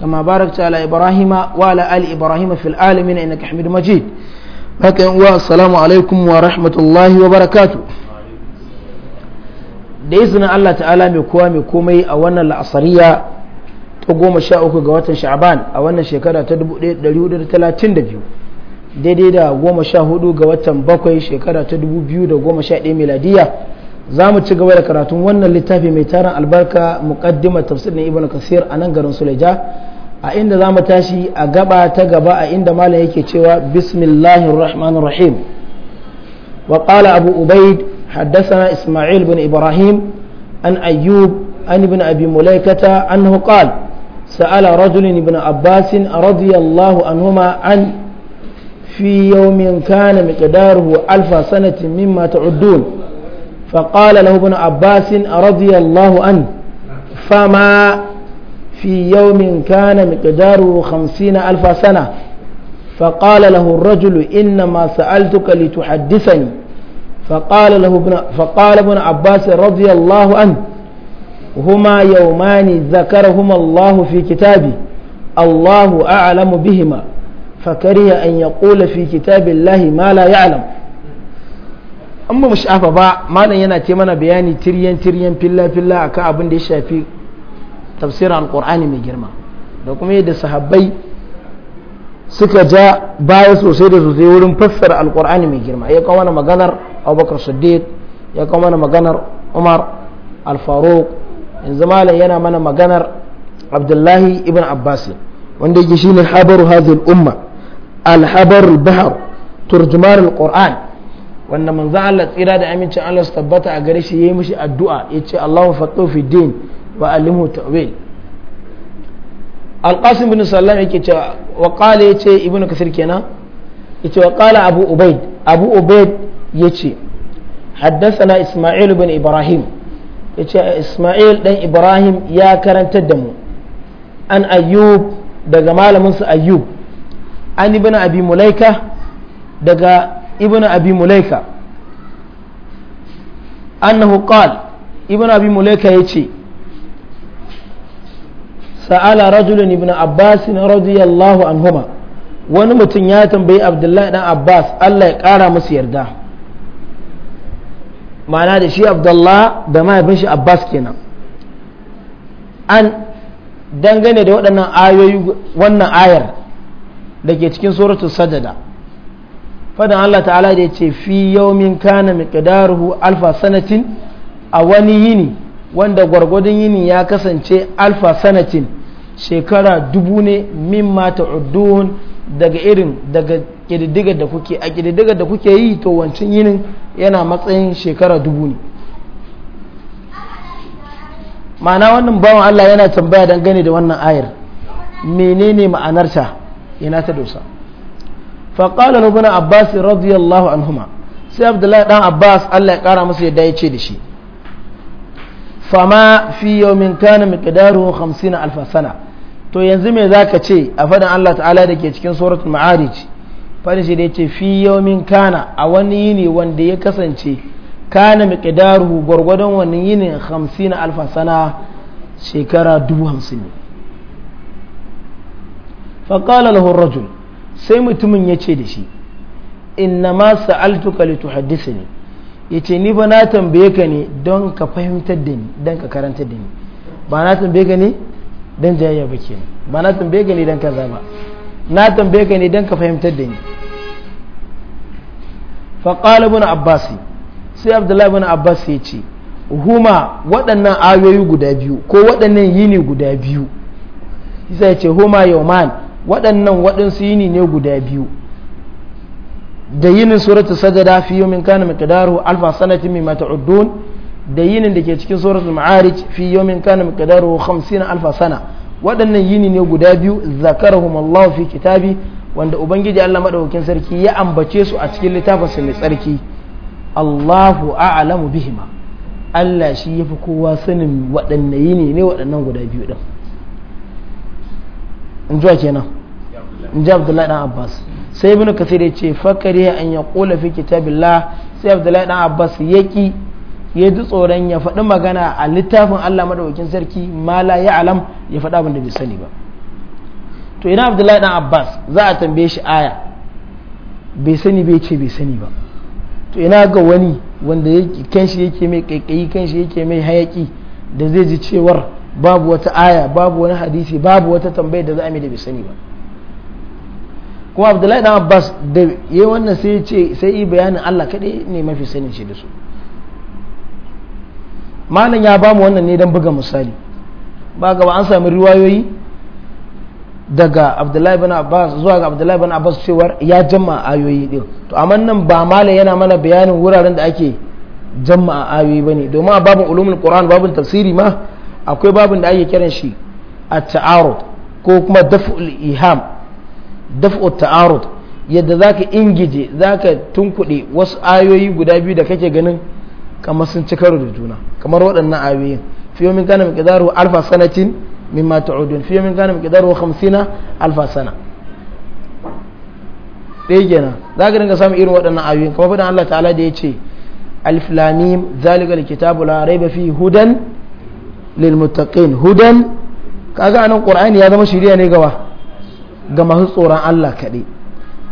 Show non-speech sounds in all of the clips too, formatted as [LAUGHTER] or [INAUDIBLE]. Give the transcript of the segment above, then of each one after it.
كما باركت على إبراهيم وعلى آل إبراهيم في العالمين إنك حميد مجيد السلام عليكم ورحمة الله وبركاته barakatu. izinin Allah ta'ala mai kowa mai komai a wannan la'asariya ta goma sha ga watan a wannan shekara ta daidai da goma sha hudu ga watan bakwai shekara ta 2011 miladiya za mu ci gaba da karatun wannan littafi mai tarin albarka muqaddima tafsir ibn kasir a nan garin suleja a inda za mu tashi a gaba ta gaba a inda malam yake cewa bismillahir rahmanir rahim wa qala abu ubaid haddathana isma'il bin ibrahim an ayyub an ibn abi mulaikata annahu qala سأل رجل ابن عباس رضي الله عنهما عن في يوم كان مقداره ألف سنة مما تعدون فقال له ابن عباس رضي الله عنه فما في يوم كان مقداره خمسين ألف سنة فقال له الرجل إنما سألتك لتحدثني فقال له ابن فقال ابن عباس رضي الله عنه هما يومان ذكرهما الله في كتابه الله أعلم بهما فكره أن يقول في كتاب الله ما لا يعلم an ba mu shafa ba malam yana ce mana bayani tiryan tiryan filla filla akan abin da ya shafi tafsirin alkur'ani mai girma da kuma yadda sahabbai suka ja baya sosai da sosai wurin fassara alkur'ani mai girma ya kawo mana maganar abubakar siddiq ya kawo mana maganar umar alfaruk yanzu malam yana mana maganar abdullahi ibn abbas wanda yake shine habaru hadhihi al-umma al-habar al-bahr al-qur'an wanda manzo Allah tsira da amincin Allah su tabbata a gare shi yayi mishi addu'a yace Allahu faqih fi din wa alimhu ta'wil Al-Qasim bin Sallam yake cewa wa qala yace Ibn Kasir kenan yace wa qala Abu Ubaid Abu Ubaid yace haddathana Isma'il bin Ibrahim yace Isma'il dan Ibrahim ya karantar da mu an Ayyub daga malamin su Ayyub an ibn Abi Mulaika daga ابن أبي مليكة أنه قال ابن أبي مليكة يتي سأل رجل ابن عباس رضي الله عنهما wani mutum ya tambayi abdullahi dan abbas allah ya kara musu yarda ma'ana da shi abdullah da mahaifin shi abbas kenan an dangane da waɗannan ayoyi wannan ayar da ke cikin suratul sajada fadan Allah ta'ala da ya ce fi yaumin kana miqdaruhu alfa sanatin a wani yini wanda gwargwadon yini ya kasance alfa sanatin shekara dubu ne mimma uddun daga irin daga kididdigar da kuke a kididdigar da kuke yi to wancan yinin yana matsayin shekara dubu ne ma'ana wannan bawan Allah yana tambaya dangane da wannan ayar menene ma'anarta ina ta dosa faƙala na guna abbas radiyallahu anhuma sai abdullahi dan abbas allah ya ƙara masa yadda ya ce da shi fama fi yawmin kana miqdaruhu 50 alf sana to yanzu me zaka ce a faɗin Allah ta'ala da ke cikin suratul ma'arij fadin shi da yace fi yawmin kana a wani yini wanda ya kasance kana miqdaruhu gwargwadon wani yini 50 alf sana shekara 50 ne fa qala lahu ar-rajul sai mutumin ya ce da shi inna ma sa'altuka ne ya ce ni ba na tambaye ka ne don ka fahimtar da ni don ka karanta da ni ba na tambaye ka ne don jayayya ba ke ba na tambaye ka ne don kaza ba na tambaye ka ne don ka fahimtar da ni faƙala qala abbas sai abdullahi na abbas ya ce huma waɗannan ayoyi guda biyu ko waɗannan yini guda biyu sai ya ce huma yawman waɗannan waɗansu yini ne guda biyu da yinin suratul sajada fi yawmin kana miqdaruhu alfa sanatin mimma ta'uddun da yinin da ke cikin suratul ma'arij fi yawmin kana miqdaruhu 50 alfa sana waɗannan yini ne guda biyu zakarahum Allah fi kitabi wanda ubangiji Allah madaukakin sarki ya ambace su a cikin littafinsa mai tsarki Allahu a'lamu bihima Allah shi yafi kowa sanin waɗanne yini ne waɗannan guda biyu din in zuwa kenan in ji abdullahi dan abbas sai ibnu kasir ya ce fakari an ya kula fi kitabillah sai abdullahi dan abbas ya ki ya ji tsoron ya faɗi magana a littafin allah maɗaukin sarki ma la ya alam ya faɗa abin da bai sani ba to ina abdullahi dan abbas za a tambaye shi aya bai sani bai ce bai sani ba to ina ga wani wanda kanshi yake mai kaikayi kanshi yake mai hayaki da zai ji cewar babu wata aya babu wani hadisi babu wata tambayi da za a mai da bai sani ba kuma abdullahi dan abbas da ya wannan sai ce sai yi bayanin allah kaɗai ne mafi sani ce da su malam ya ba mu wannan ne don buga misali ba gaba an sami riwayoyi daga abdullahi bin abbas zuwa ga abdullahi bin abbas cewar ya jama'a ayoyi din to amma nan ba malam yana mana bayanin wuraren da ake jama'a ayoyi bane domin a ulumul qur'an babun tafsiri ma akwai babin da ake kiran shi a ta'arud ko kuma daf'ul iham daf'ul ta'arud yadda zaka ingije zaka tunkuɗe wasu ayoyi guda biyu da kake ganin kamar sun ci karo da juna kamar waɗannan ayoyin fiye min kana miqdaru alfa sanatin ma ta'udun fiye min kana miqdaru 50 alfa sana ɗaya kenan za ka dinga samun irin waɗannan ayoyin kamar faɗin Allah ta'ala da ya ce alif lamim zalikal kitabu la raiba fi hudan lilmuttaqin hudan kaga anan qur'ani ya zama shiriya ne gaba ga masu tsoron Allah kaɗai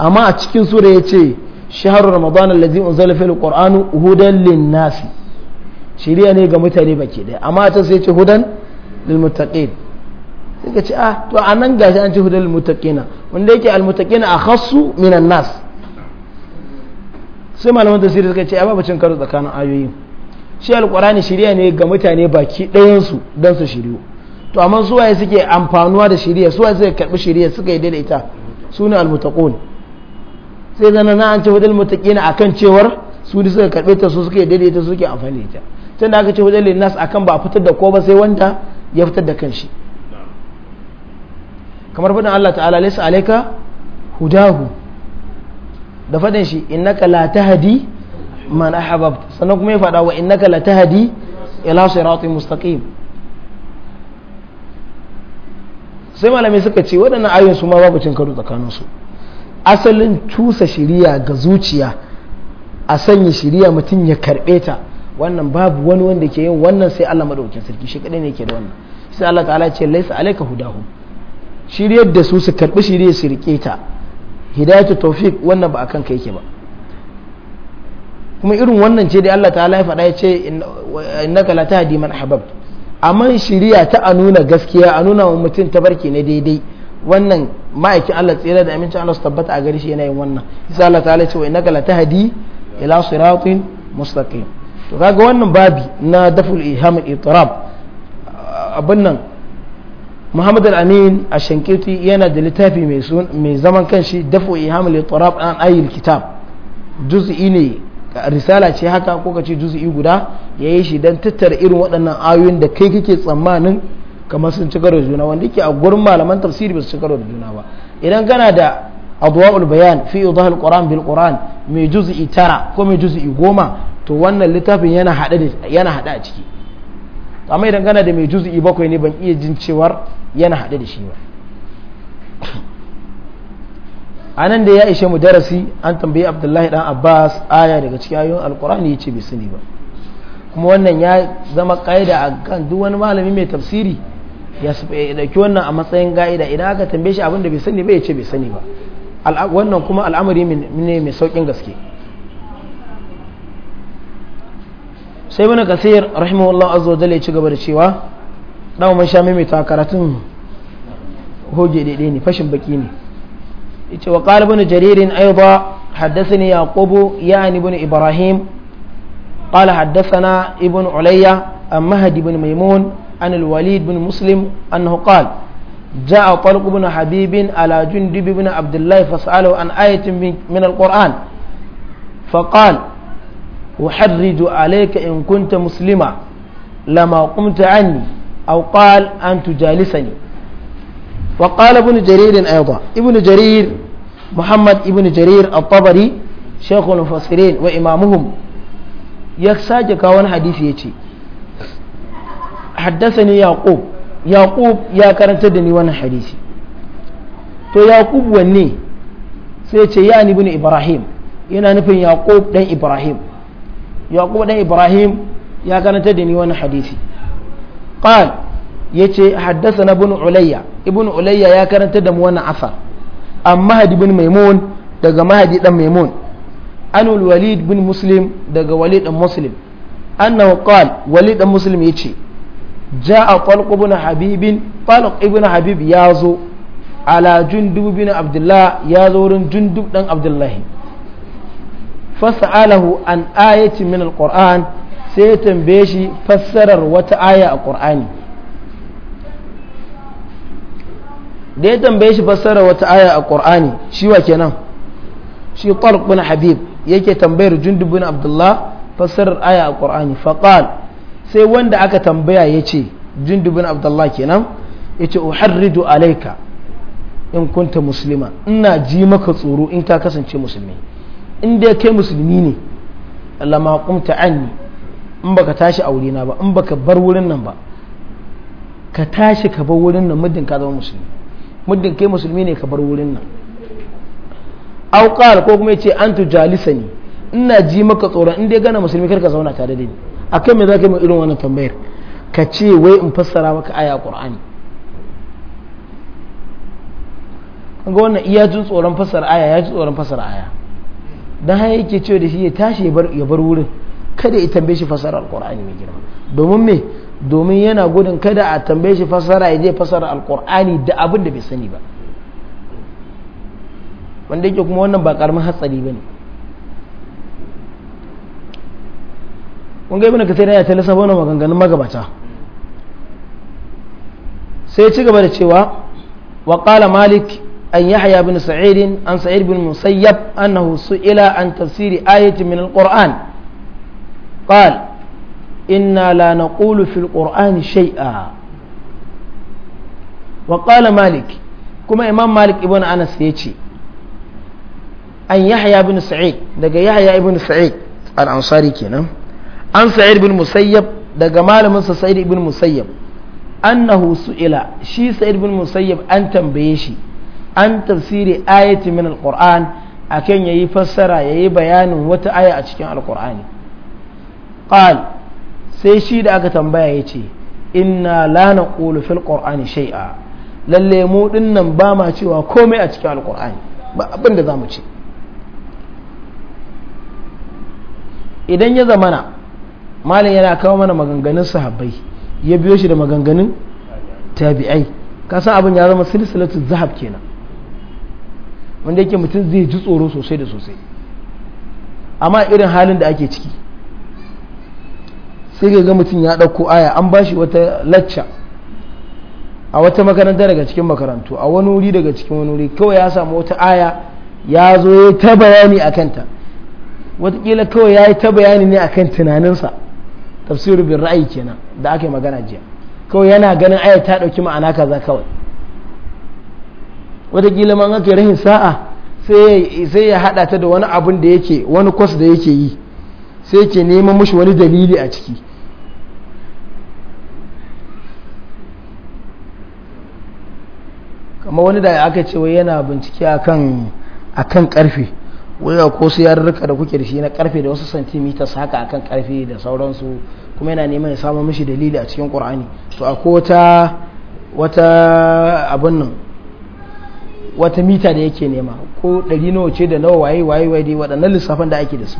amma a cikin sura ya ce ramadan allazi unzila fil qur'an hudan linnasi shiriya ne ga mutane baki ɗaya amma ta sai ce hudan muttaqin sai ka ce ah to anan gashi an ce hudan lilmuttaqina wanda yake almuttaqina akhassu minan nas sai malaman tafsiri suka ce a babu cin karo tsakanin ayoyin shi alkur'ani shirya ne ga mutane baki ɗayansu don su shiryu to amma su waye suke amfanuwa da shirya su waye suke karɓi shirya suka yi daidaita su ne sai zana na an ce hudul a akan cewar su ne suka karɓe ta su suke daidaita su suke amfani da ita da aka ce hudul nas akan ba a fitar da ko ba sai wanda ya fitar da kanshi kamar faɗin Allah ta'ala laysa alayka hudahu da faɗin shi innaka la tahdi mana ahbabta sannan kuma ya faɗa wa in naka latahadi ila siratin mustaqim sai malamai suka ce waɗannan ayoyin su ma babu cin karo tsakanin su asalin cusa shiriya ga zuciya a sanya shiriya mutum ya karɓe ta wannan babu wani wanda ke yin wannan sai Allah madaukakin sarki shi kadai ne yake da wannan sai Allah ta'ala ce laisa alayka hudahu shiryar da su su karbi shiriyar su rike ta hidayatu tawfiq wannan ba akan kai yake ba kuma irin wannan ce da Allah ta'ala ya faɗa ya ce innaka la tahdi man ahbab amma shiriya ta a nuna gaskiya a nuna wa mutum tabarki ne daidai wannan ma'aikin Allah tsira da amincin Allah su tabbata a gari shi yana yin wannan isa Allah ta'ala ce wa innaka la tahdi ila siratin mustaqim to kaga wannan babi na daful iham al-itirab abin nan Muhammad al-Amin a Shankiti yana da littafi mai zaman kanshi daful iham al an ayil kitab juz'i ne risala ce haka ko ka ce juzi guda ya yi shi don tattara irin waɗannan ayoyin da kai kake tsammanin kamar sun ci karo da juna wanda yake a gurin malaman tafsiri ba su ci karo da juna ba idan kana da adwa'ul bayan fi idahul quran bil quran mai juzi tara ko mai juzu'i goma to wannan littafin yana hada a ciki amma idan kana da mai juzu'i bakwai ne ban iya jin cewar yana hada da shi ba a nan da ya ishe mu darasi an tambayi abdullahi dan abbas aya daga cikin ayoyin alkur'ani ya ce bai sani ba kuma wannan ya zama ka'ida a kan duk wani malami mai tafsiri ya ɗauki wannan a matsayin ga'ida idan aka tambaye shi abin bai sani ba ya ce bai sani ba wannan kuma al'amari ne mai saukin gaske sai wani kasir rahimahullah azza wa ya ci gaba da cewa dan mun sha mai karatun hoge daidai ne fashin baki ne yace wa qala ibn jarir ayda haddathani yaqub yani ibn ibrahim qala haddathana ibn ulayya am mahdi ibn maymun an al-walid ibn muslim annahu qala jaa talq ibn habib ala jundib ibn abdullah fasalahu an ayatin min al-quran فقال أحرج عليك إن كنت مسلما لما قمت عني أو قال أن تجالسني وقال ابن جرير أيضا ابن جرير محمد ابن جرير الطبري شيخ المفسرين وإمامهم يكساج كون حديث يتي حدثني يعقوب يعقوب يا كرنت دني وانا حديثي تو يعقوب وني سيتي يعني ابن إبراهيم yana nufin yaqub dan ibrahim yaqub dan ibrahim ya karanta da ni wani hadisi qal yace haddasa na bin ulayya ibn ulayya ya karanta da mu wannan asar amma maimun daga mahadi dan maimun anul walid bin muslim daga walid dan muslim annahu qal walid dan muslim yace a talq ibn habib talq ibn habib yazo ala jundub bin abdullah zo wurin jundub dan abdullahi fas'alahu an ayati min alquran sai ya tambaye shi fassarar wata aya a qur'ani da ya tambaye shi fassara wata aya a kur'ani shi wa kenan shi talq bin habib yake tambayar jundubin bin abdullah fassarar aya a qur'ani faqal sai wanda aka tambaya yace ce jundubin abdullah kenan yace uharridu alayka in kunta musulma ina ji maka tsoro in ka kasance musulmi in dai kai musulmi ne lama kumta anni in baka tashi a wurina ba in baka bar wurin nan ba ka tashi ka bar wurin nan muddin ka zama musulmi muddin kai musulmi ne ka bar wurin nan au qal ko kuma yace tu jalisani ina ji maka tsoron in dai gana musulmi kar ka zauna tare da ni akan me zaka yi irin wannan tambayar ka ce wai in fassara maka aya qur'ani kaga wannan iya jin tsoron fassara aya ya ji tsoron fassara aya dan haka yake cewa da shi ya tashi ya bar wurin kada ya tambaye shi fassarar qur'ani mai girma domin me domin yana gudun kada a tambaye shi fasara ya je fasara alkur'ani da abin da bai sani ba wanda yake kuma wannan ba karamin hatsari ba ne ƙungai bane ka sai yana talisa bane maganganun magabata sai ci gaba da cewa wa malik an haya bin sa'irin an sa'id bin musayyab annahu ila an tafsiri ayatin min alquran ƙal إنا لا نقول في القرآن شيئا وقال مالك كما إمام مالك ابن أنس يتي أن يحيى بن سعيد دقى يحيى بن سعيد الأنصاري كنا أن سعيد بن مسيب دقى مال من سعيد بن مسيب أنه سئل شي سعيد بن مسيب أن تنبيشي أن تفسير آية من القرآن أكن يفسر يبيان وتآية أتكين القرآن قال sai shi da aka tambaya ya ce inna la naqulu fil qur'ani shay'a lalle mu dinnan ba ma cewa komai a cikin alqur'ani ba abin da zamu ce idan ya zamana malin yana kawo mana maganganun sahabbai ya biyo shi da maganganun tabi'ai kasan abin ya zama silsilatu zahab kenan wanda yake mutum zai ji tsoro sosai da sosai amma irin halin da ake ciki sai ka ga mutum ya ɗauko aya an ba shi wata lacca a wata makaranta daga cikin makarantu a wani wuri daga cikin wani wuri kawai ya samu wata aya ya zo ya ta bayani a kanta watakila kawai ya yi ta bayani ne a kan tunaninsa tafsirin bin ra'ayi kenan da aka yi magana jiya kawai yana ganin aya ta ɗauki ma'ana kaza kawai watakila man aka rahin sa'a sai ya haɗa ta da wani abun da yake wani kwas da yake yi sai ke neman mushi wani dalili a ciki kamar wani da aka ce wai yana bincike akan akan karfe wai ko siyar rika da kuke da shi na karfe da wasu centimeters haka akan karfe da sauransu kuma yana neman ya samu mishi dalili a cikin qur'ani to a wata wata wata mita da yake nema ko ɗari nawa ce da nawa waye waye waye dai waɗannan lissafan da ake da su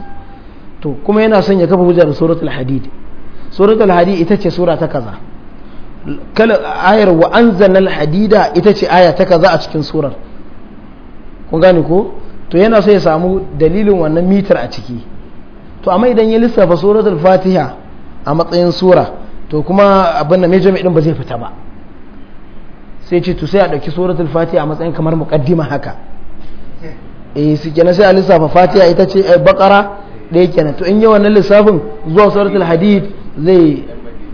to kuma yana son ya kafa hujjar suratul hadid suratul hadid ita ce sura ta kaza ayar wa anzalna hadida ita ce aya ta kaza a cikin surar kun gane ko to yana so ya samu dalilin wannan mitar a ciki to amma idan ya lissafa al fatiha a matsayin sura to kuma abin da major din ba zai fita ba sai ce to sai a ɗauki al fatiha a matsayin kamar muqaddima haka eh su kenan sai a lissafa fatiha ita ce eh, bakara ɗaya kenan to in yi wannan lissafin zuwa suratul hadid zai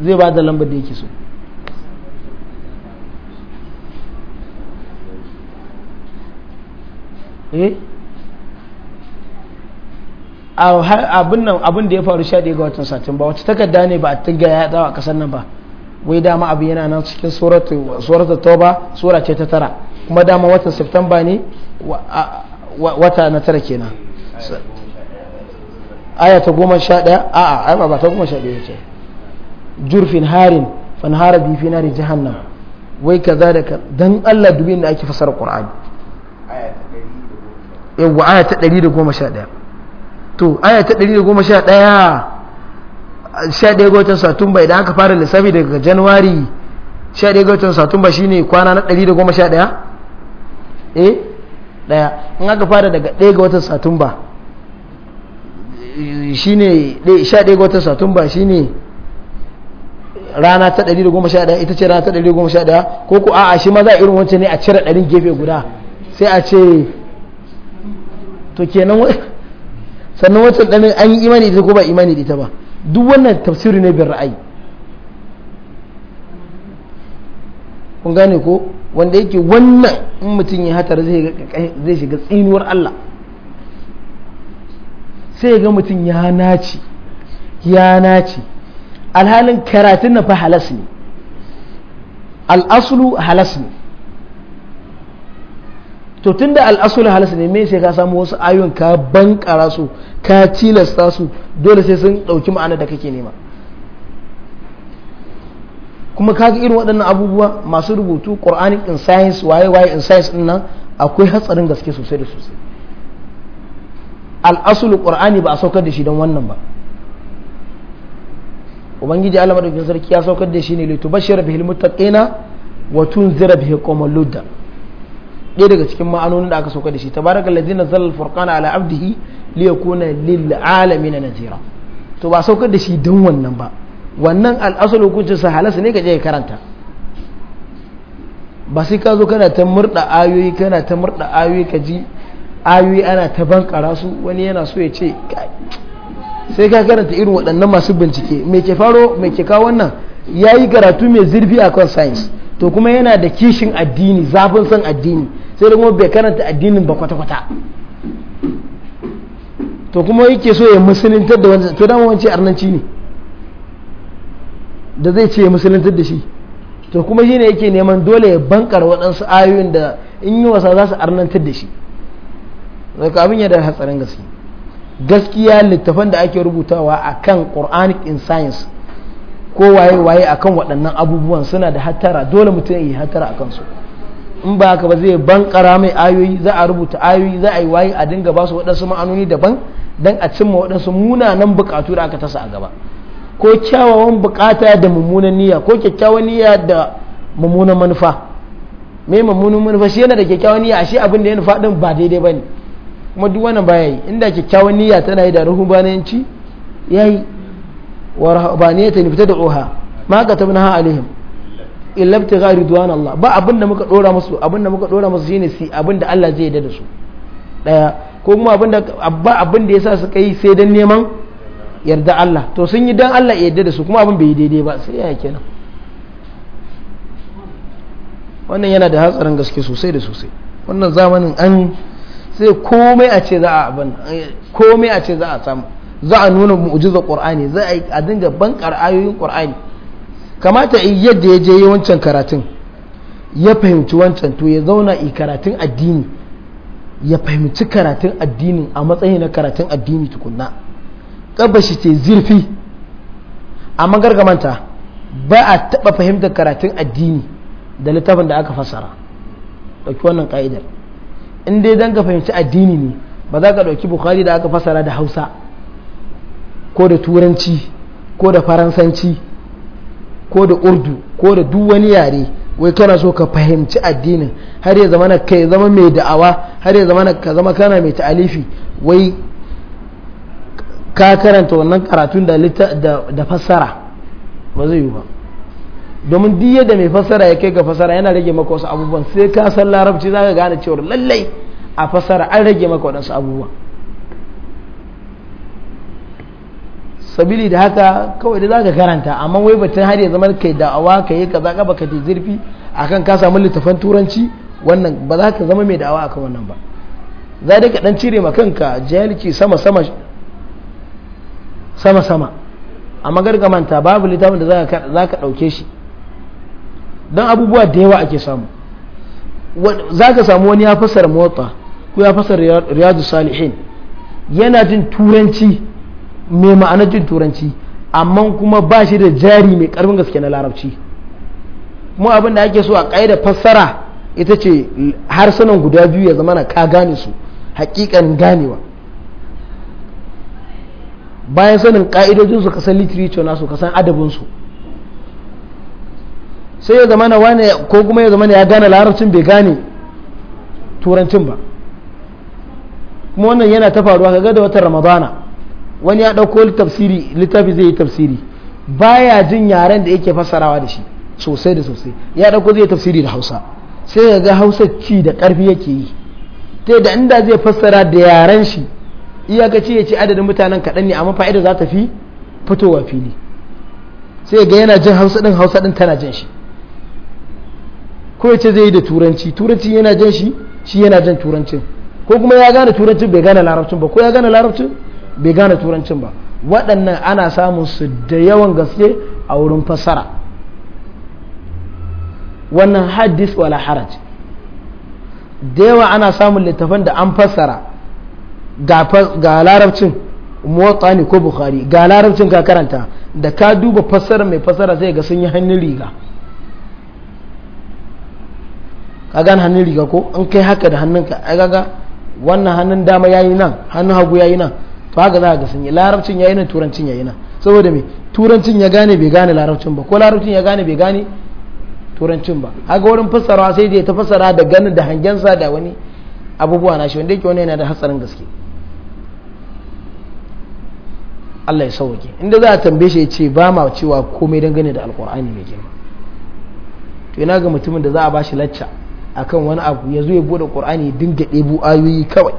zai ba da lambar da yake so eh abin nan abin da ya faru sha ɗaya ga watan satin ba wata takarda ne ba a tiga ya dawa a kasar nan ba wai dama abin yana nan cikin surata toba tsora ce ta tara kuma dama watan septemba ne wata na tara kenan aya ta goma sha daya a'a a ba ta goma sha daya ce jurfin harin hara bifi na nan wai kaza da dan Allah dubin da ake fasara Qur'ani yawwa aya ta 111 to aya ta 111 11 ga watan satumba idan aka fara lissafi daga januwari 11 ga watan satumba shine kwana na 111 eh daya in aka fara daga ɗaya ga watan satumba shine 11 ga watan satumba shine rana ta 111 ita ce rana ta 111 ko ku a'a shi ma za a irin wancan ne a cire ɗarin gefe guda sai a ce to kenan sannan wacce ɗanin an yi imani ita ko ba imani ita ba duk wannan tafsiri ne bin ra'ayi kun gane ko wanda yake wannan in mutum ya hatar zai shiga tsinuwar Allah sai ga mutum ya naci ya naci alhalin karatun na fa halas ne al'asulu halas ne to tun da al'asul halas ne me sai ka samu wasu ayoyin ka bankara su ka tilasta su dole sai sun ɗauki ma'ana da kake nema kuma ka ga irin waɗannan abubuwa masu rubutu ƙor'ani in science waye waye in science din akwai hatsarin gaske sosai da sosai al'asul qur'ani ba a saukar da shi don wannan ba ubangiji Allah madaukakin sarki ya saukar da shi ne litubashshira bihil muttaqina wa tunzira bihil qawmal ludda ɗaya daga cikin ma'anonin da aka sauka da shi tabarakal ladzi nazzala al-furqana ala abdihi li yakuna lil alamin nazira to ba saukar da shi don wannan ba wannan al hukuncin su halasa ne ka je karanta ba sai ka zo kana ta murda ayoyi kana ta murda ayoyi ka ji ayoyi ana ta bankara su wani yana so ya ce sai ka karanta irin waɗannan masu bincike mai ke faro mai ke kawo wannan ya yi karatu mai zurfi a kan science to kuma yana da kishin addini zafin son addini sai kuma bai karanta addinin ba kwata-kwata to kuma yake so ya musulintar da wancan to dama wancan arnanci ne da zai ce ya musulintar da shi to kuma shi ne yake neman dole ya bankar waɗansu ayoyin da in yi wasa za su arnantar da shi daga abin yadda hatsarin gaske gaskiya littafan da ake rubutawa a kan quranic in science ko waye-waye akan waɗannan abubuwan suna da hattara dole mutum ya yi hattara a kansu in ba haka ba zai kara mai ayoyi za a rubuta ayoyi za a yi waye a dinga ba su waɗansu ma'anoni daban don a cimma waɗansu munanan buƙatu da aka tasa a gaba ko kyawawan buƙata da mummunan niyya ko kyakkyawan niyya da mummunan manufa mai mummunan manufa shi yana da kyakkyawan niyya shi abin da ya nufa din ba daidai ba ne kuma duk wannan ya yi inda kyakkyawan niyya tana yi da ruhu ya yi wa rahabaniyata ne fita da oha ma ka tabna ha alaihim illa ibtigha ridwan Allah ba abin da muka dora musu abin da muka dora musu shine si abin da Allah zai yarda da su daya ko kuma abin da ba abin da yasa suka yi sai dan neman yarda Allah to sun yi dan Allah yarda da su kuma abin bai daidai ba sai ya kenan wannan yana da hatsarin gaske sosai da sosai wannan zamanin an sai komai a ce za a abin komai a ce za a samu za a nuna mu'jizar qur'ani za a dinga bankar ayoyin qur'ani kamata in yadda ya je wancan karatun ya fahimci wancan to ya zauna i karatun addini ya fahimci karatun addinin a matsayin na karatun addini tukunna ƙabashi ce zirfi amma magargamanta ba a taɓa fahimtar karatun addini da littafin da aka fasara ɗauki wannan ƙa'idar in dai don ka fahimci addini ne ba za ka ɗauki bukari da aka fassara da hausa ko da turanci ko da faransanci ko da urdu ko da duk wani yare wai kana so ka fahimci addinin har ya zama ka zama mai da'awa har ya zama ka zama kana mai ta'alifi wai ka karanta wannan karatun da da fassara ba zai yi ba domin duk yadda mai fassara ya kai ga fassara yana rage maka wasu abubuwan sai ka san larabci zaka gane cewa lallai a fassara an rage maka waɗansu abubuwan sabili da haka kawai da za ka karanta amma wai batun har ya zama kai da'awa ka yi ka zaga baka te zurfi akan ka samu littafan turanci wannan ba za ka zama mai da'awa akan wannan ba za dai ka dan cire ma kanka jahilci sama sama sama sama amma gargamanta babu littafin da za ka ɗauke shi don abubuwa da yawa ake samu za ka samu wani ya fasar motsa ko ya fasar riyadu salihin yana jin turanci mai ma'anar jin turanci amma kuma ba shi da jari mai karfin gaske na larabci kuma abin da ake so a ƙa'ida fassara ita ce harsunan guda biyu ya zama na ka gane su hakikan ganewa bayan sanin ka'idojin su kasan literature nasu kasan adabin su sai ya zama na wane ko kuma ya zama ya gane larabcin bai gane turancin ba kuma wannan yana ta faruwa ga da watan ramadana wani ya ɗauko tafsiri littafi zai yi tafsiri baya jin yaren da yake fassarawa da shi sosai da sosai ya ɗauko zai tafsiri da hausa sai ya ga hausa ci da ƙarfi yake yi ta da inda zai fassara da yaren shi iyakaci ya ci adadin mutanen kaɗan ne amma fa'ida za ta fi fitowa fili sai ga yana jin hausa ɗin hausa ɗin tana jin shi ko ya ce zai yi da turanci turanci yana jin shi shi yana jin turancin ko kuma ya gane turancin bai gane larabcin ba ko ya gane larabcin bai gane turancin ba waɗannan ana samun su da yawan gaske a wurin fassara wannan hadis wala haraj da yawa ana samun littafan da an fassara ga larabcin motsa ne ko bukhari ga larabcin ka karanta da ka duba fassara mai fassara zai ga sun yi hannun riga ka gane hannun riga ko in kai haka da hannunka ai kaga wannan hannun dama yayi nan hannun hagu yayi nan to haka za a ga sun yi larabcin yayi nan turancin yayi nan saboda me turancin ya gane bai gane larabcin ba ko larabcin ya gane bai gane turancin ba haka wurin fassarawa sai dai ta fassara da ganin da hangensa da wani abubuwa na shi wanda yake wani yana da hatsarin gaske Allah ya sauke inda za a tambaye shi ya ce ba ma cewa komai dangane da alkur'ani mai girma to ina ga mutumin da za a bashi lacca akan wani abu ya zo ya bude qur'ani ya dinga ɗebo ayoyi kawai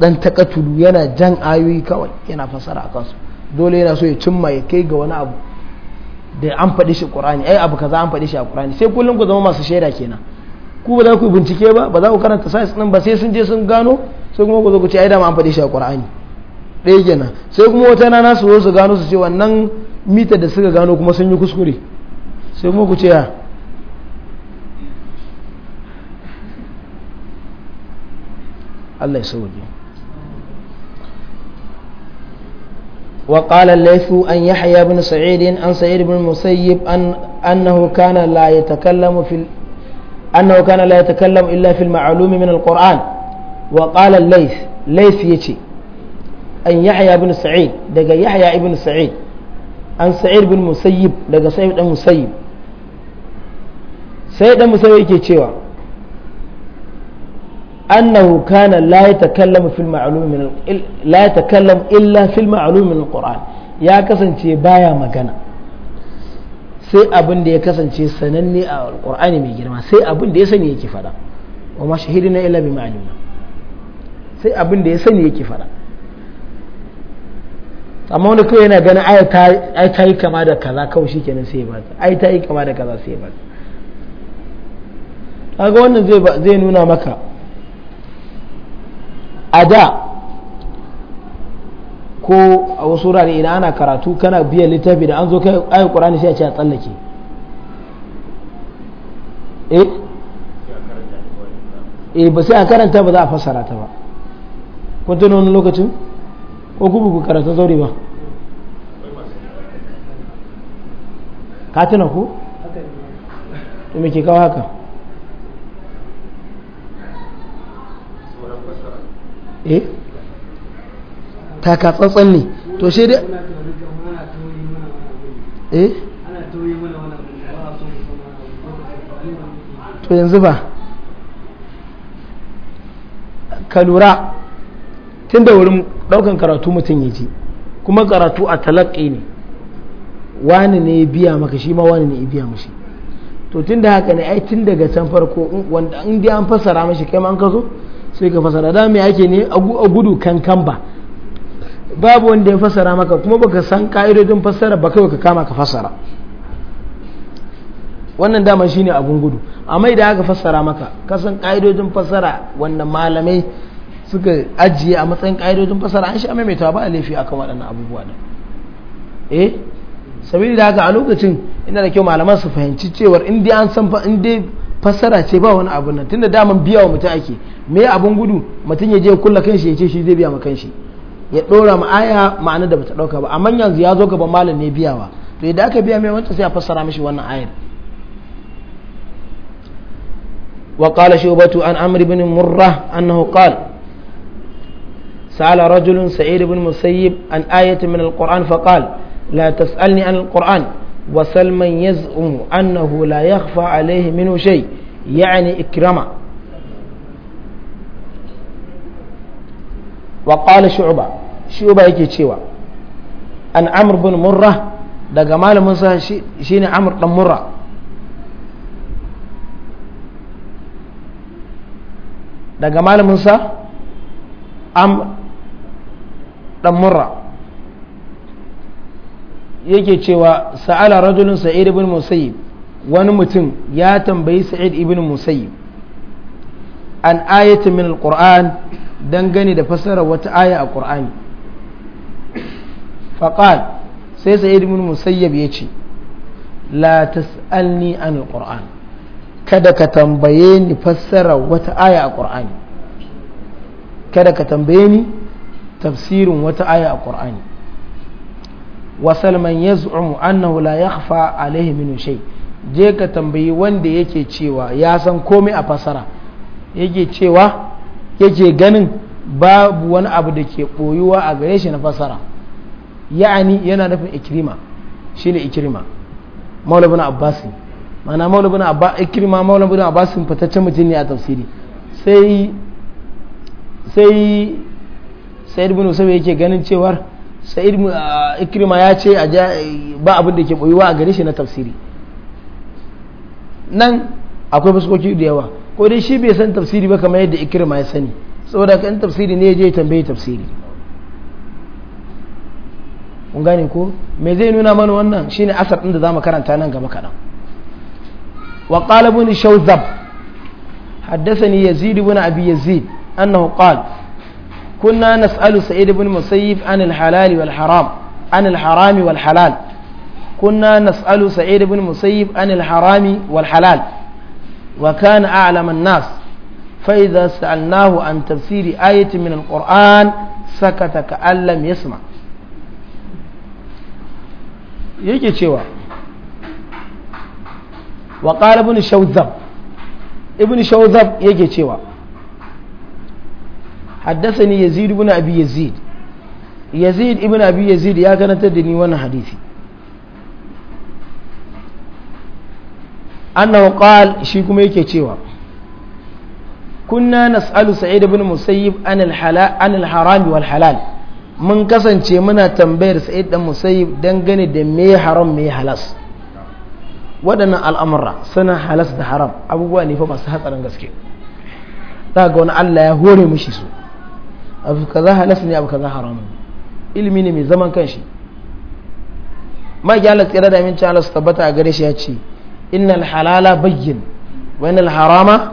dan takatulu yana jan ayoyi kawai yana fasara a kansu dole yana so ya cimma ya kai ga wani abu da an faɗi shi ƙur'ani ai abu kaza an faɗi shi a ƙur'ani sai kullum ku zama masu shaida kenan ku ba za ku bincike ba ba za ku karanta sai sun ba sai sun je sun gano sai kuma ku zo ku ce ai da ma an faɗi shi a ƙur'ani ɗaya kenan sai kuma wata na su zo su gano su ce wannan mita da suka gano kuma sun yi kuskure sai kuma ku ce ya Allah ya sauke وقال الليث أن يحيى بن سعيد عن سعيد بن المسيب أن أنه كان لا يتكلم في أنه كان لا يتكلم إلا في المعلوم من القرآن وقال الليث ليث يتي أن يحيى بن سعيد دقى يحيى بن سعيد عن سعيد بن مسيب دقى سعيد بن مسيب سعيد بن مسيب يكي أنه كان لا يتكلم في المعلوم من لا يتكلم إلا في المعلوم من القرآن يا كسن شي بايا مجانا سي abin da ya kasance sananne القرآن alkur'ani mai girma sai abin da ya sani yake fada wa ma shahidi na ila bi ma'alima sai abin da ya sani yake amma wani kawai yana ganin ai ta yi kama da kaza kawai shi kenan sai ba bata ai ta yi kama da kaza sai ba bata kaga wannan zai nuna maka a da ko a wasu wurare idan ana karatu kana biya littafi da an zo kai ayin ƙur'ani sai a ce a tsallake eh? eh ba sai a karanta ba za a fassara ta ba kun tuna wani lokacin ko kuma ku karanta zauri ba ka tuna ku? to me ke kawo haka eh taka tsantsan ne to shi da eh to yanzu ba ka lura tun da wurin daukan karatu mutum ya ji kuma karatu a talaƙi ne wani ne ya biya maka shi ma wani ne ya biya mashi to tun da haka ne ai tun daga can farko wanda in an fasara mashi kai ma an ka zo sai ka fasara da me ake ne a gudu kankan ba babu wanda ya fasara maka kuma baka san ka'idodin fasara ba kawai ka kama ka fasara wannan dama shine abun gudu amma idan aka fasara maka ka san ka'idodin fasara wannan malamai suka ajiye a matsayin ka'idodin fasara an sha maimaita ba a laifi kan waɗannan abubuwa da eh sabili da haka a lokacin ina da kyau malaman su fahimci cewar in dai an san in dai fassara ce ba wani abu nan tunda daman biya wa mutum ake me abun gudu mutum ya je kulla kanshi ya ce shi zai biya ma kanshi ya dora ma aya ma'ana da bata dauka ba amma yanzu ya zo gaban malam ne biyawa to idan aka biya mai wancan sai a fassara mishi wannan ayar wa qala shubatu an amr ibn murrah annahu qala سأل رجل سعيد بن مسيب عن آية من القرآن فقال لا تسألني عن القرآن wasal man yaz'umu annahu la yakhfa alayhi minhu shay ya'ni ikrama wa qala shu'ba shu'ba yake cewa an amr bin murra daga malamin sa shine amr dan murra daga malamin sa am dan murra yake cewa sa'ala rajulun sa'id ibn musayyib wani mutum ya tambayi sa'id ibn musayyib an ayatin min alquran dangane da fasara wata aya a qur'ani faqal sai sa'id ibn musayyib ya ce la tas'alni an alquran kada ka tambaye ni fassara wata aya a qur'ani kada ka tambaye ni tafsirin wata aya a qur'ani wa salman yaz'umu annahu la yakhfa alaihi min shay je ka tambayi wanda yake cewa ya san komai a fasara yake cewa yake ganin babu wani abu da ke boyuwa a gare shi na fasara ya'ani yana nufin ikrima shine ikrima maula ibn abbas mana maula ibn abbas ikrima maula ibn abbas fitaccen mutum ne a tafsiri sai sai sayyid ibn usayb yake ganin cewar sai uh, ikirma ya ce ba abin da ke boyuwa a gare shi na tafsiri nan akwai fuskoki da yawa ko dai shi bai san tafsiri ba kamar yadda ikirma ya sani saboda kan tafsiri ne je tambaye tafsiri kun gane ko me zai nuna mana wannan shine asar ɗin da zamu karanta nan gaba kadan wa qala ibn haddasa ni yazid ibn abi yazid annahu qala kuna nas'alu sa'id ibn musayyib an al wal haram an kunna nas'alu sa'id ibn musayyib an al wal halal wa kana a'lamu nas fa idza an tafsiri ayatin min al-qur'an sakata ka'an lam wa ibn shawzab yake cewa حدثني يزيد بن أبي يزيد يزيد ابن أبي يزيد يا كانت تدني وانا حديثي أنه قال شيكم يكي تشيوا كنا نسأل سعيد بن مسيب عن الحلال عن الحرام والحلال mun kasance muna tambayar sa'id dan musayyib dangane da me haram me halas waɗannan al'amura suna halas da haram abubuwa ne fa masu hatsarin gaske daga wani Allah ya hore mishi su abu kaza ne abu kaza haramu ilimi ne mai zaman kanshi ma ya Allah da amincin Allah tabbata a gare shi ya ce innal halala bayyin wa ina harama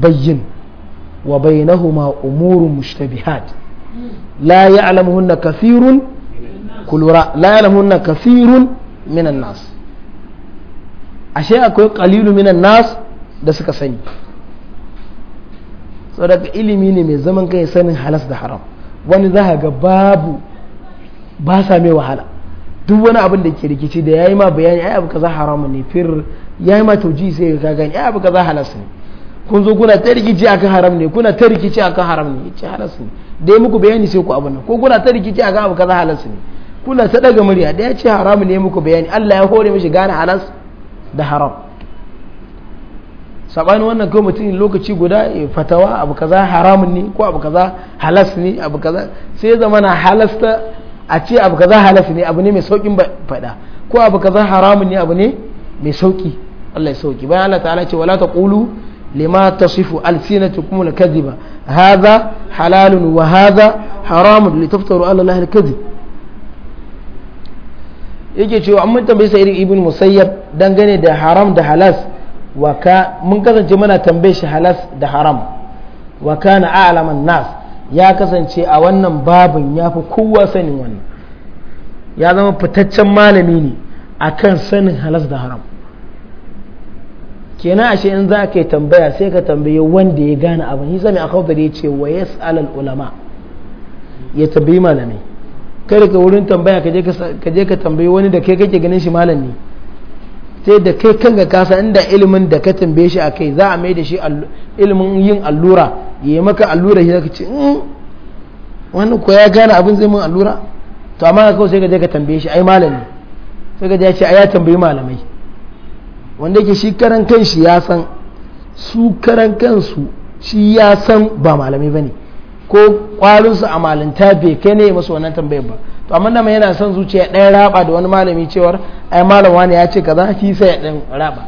bayyin wa ma umuru mushtabihat la ya'lamuhunna kathirun kulura la minan nas ashe akwai qalilu minan nas da suka sani saboda ilimi ne mai zaman kai sanin halas da haram wani za ga babu ba sa mai wahala duk wani abin da ke rikici da yayi ma bayani ai abu kaza haramu ne fir yayi ma tauji sai ka gani ai abu kaza halas ne kun zo kuna ta rikici akan haram ne kuna ta rikici akan haram ne ce halas ne dai muku bayani sai ku abin nan ko kuna ta rikici akan abu kaza halas ne kuna ta daga murya da ce haramu ne muku bayani Allah ya hore mishi gane halas da haram sabanin wannan kawai mutum lokaci guda fatawa abu kaza haramun ne ko abu kaza halas ne abu kaza sai zama na halasta a ce abu kaza halas ne abu ne mai saukin faɗa ko abu kaza haramun ne abu ne mai sauki Allah ya sauki bayan Allah ta'ala ce wala taqulu lima tasifu alsinatukum al-kadhiba hadha halalun wa hadha haramun litaftaru ala Allah al-kadhib yake cewa an mun sa irin ibin musayyab dangane da haram da halas waka mun kasance muna tambaye shi halas da haram wa kana a'laman nas ya kasance a wannan babin ya fi kowa sanin wannan ya zama fitaccen malami ne akan sanin halas da haram kenan ashe in za ka yi tambaya sai ka tambaye wanda ya gane abin shi sami akwai da ya ce wa yas'al ulama ya tambayi malami kada ka wurin tambaya ka je ka tambayi wani da kai kake ganin shi malam ne sai da kai kanka kasa inda ilimin da ka tambaye shi a kai za a mai da shi ilimin yin allura ya yi maka allura shi zaka ce mm, wani ko ya gane abin zai min allura to amma kawai sai ka je ka tambaye shi ai malami sai ka je ya ce ai ya tambayi malamai wanda yake shi karan shi ya san su karan kansu shi ya san ba malamai bane ko kwarinsu a malinta bai kai ne masa wannan tambayar ba to amma da yana son zuciya ɗaya raba da wani malami cewar ai malam wani ya ce kaza shi sai ɗan raba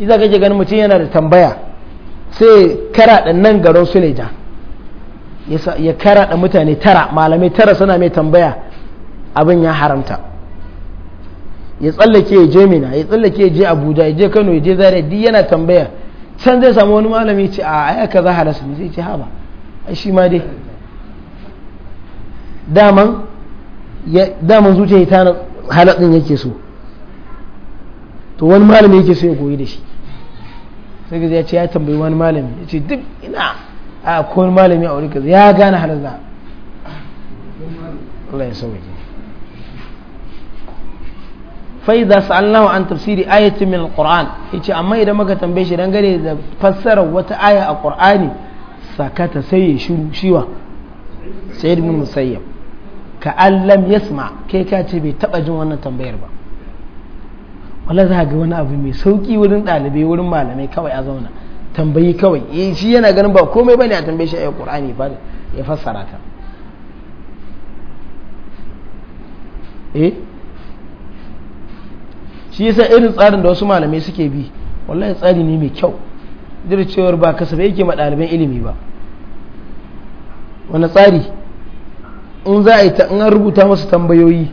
iza kake ganin mutum yana da tambaya sai kara da nan garin suleja ya kara da mutane tara malamai tara suna mai tambaya abin ya haramta ya tsallake ya je mina ya tsallake ya je abuja ya je kano ya je zaria duk yana tambaya can zai samu wani malami ce a aya za halasa ne zai ce haba ai shi ma dai daman daman zuciya ta halar din yake so to wani malami yake so ya goyi da shi sai ga ya ce ya tambayi wani malami ya ce duk ina a kowar malami a wani ya gane halar da Allah ya sauke faiza sa'alnahu an tafsiri ayatin min alquran yace amma idan maka tambaye shi dan gane da fassara wata aya a qur'ani sakata sai ya shiru shiwa sayyid bin musayyab allam lam yasma kai ka ce bai taba jin wannan tambayar ba wala za ga wani abu mai sauki wurin ɗalibai wurin malamai kawai a zauna tambayi kawai eh, shi yana ganin ba komai bane a tambaye shi a qur'ani ba ya fassara ta eh shi yasa irin tsarin da wasu malamai suke bi wallahi tsari ne mai kyau jirgin cewar ba kasabe yake ma ilimi ba wani tsari in za a yi in an rubuta masu tambayoyi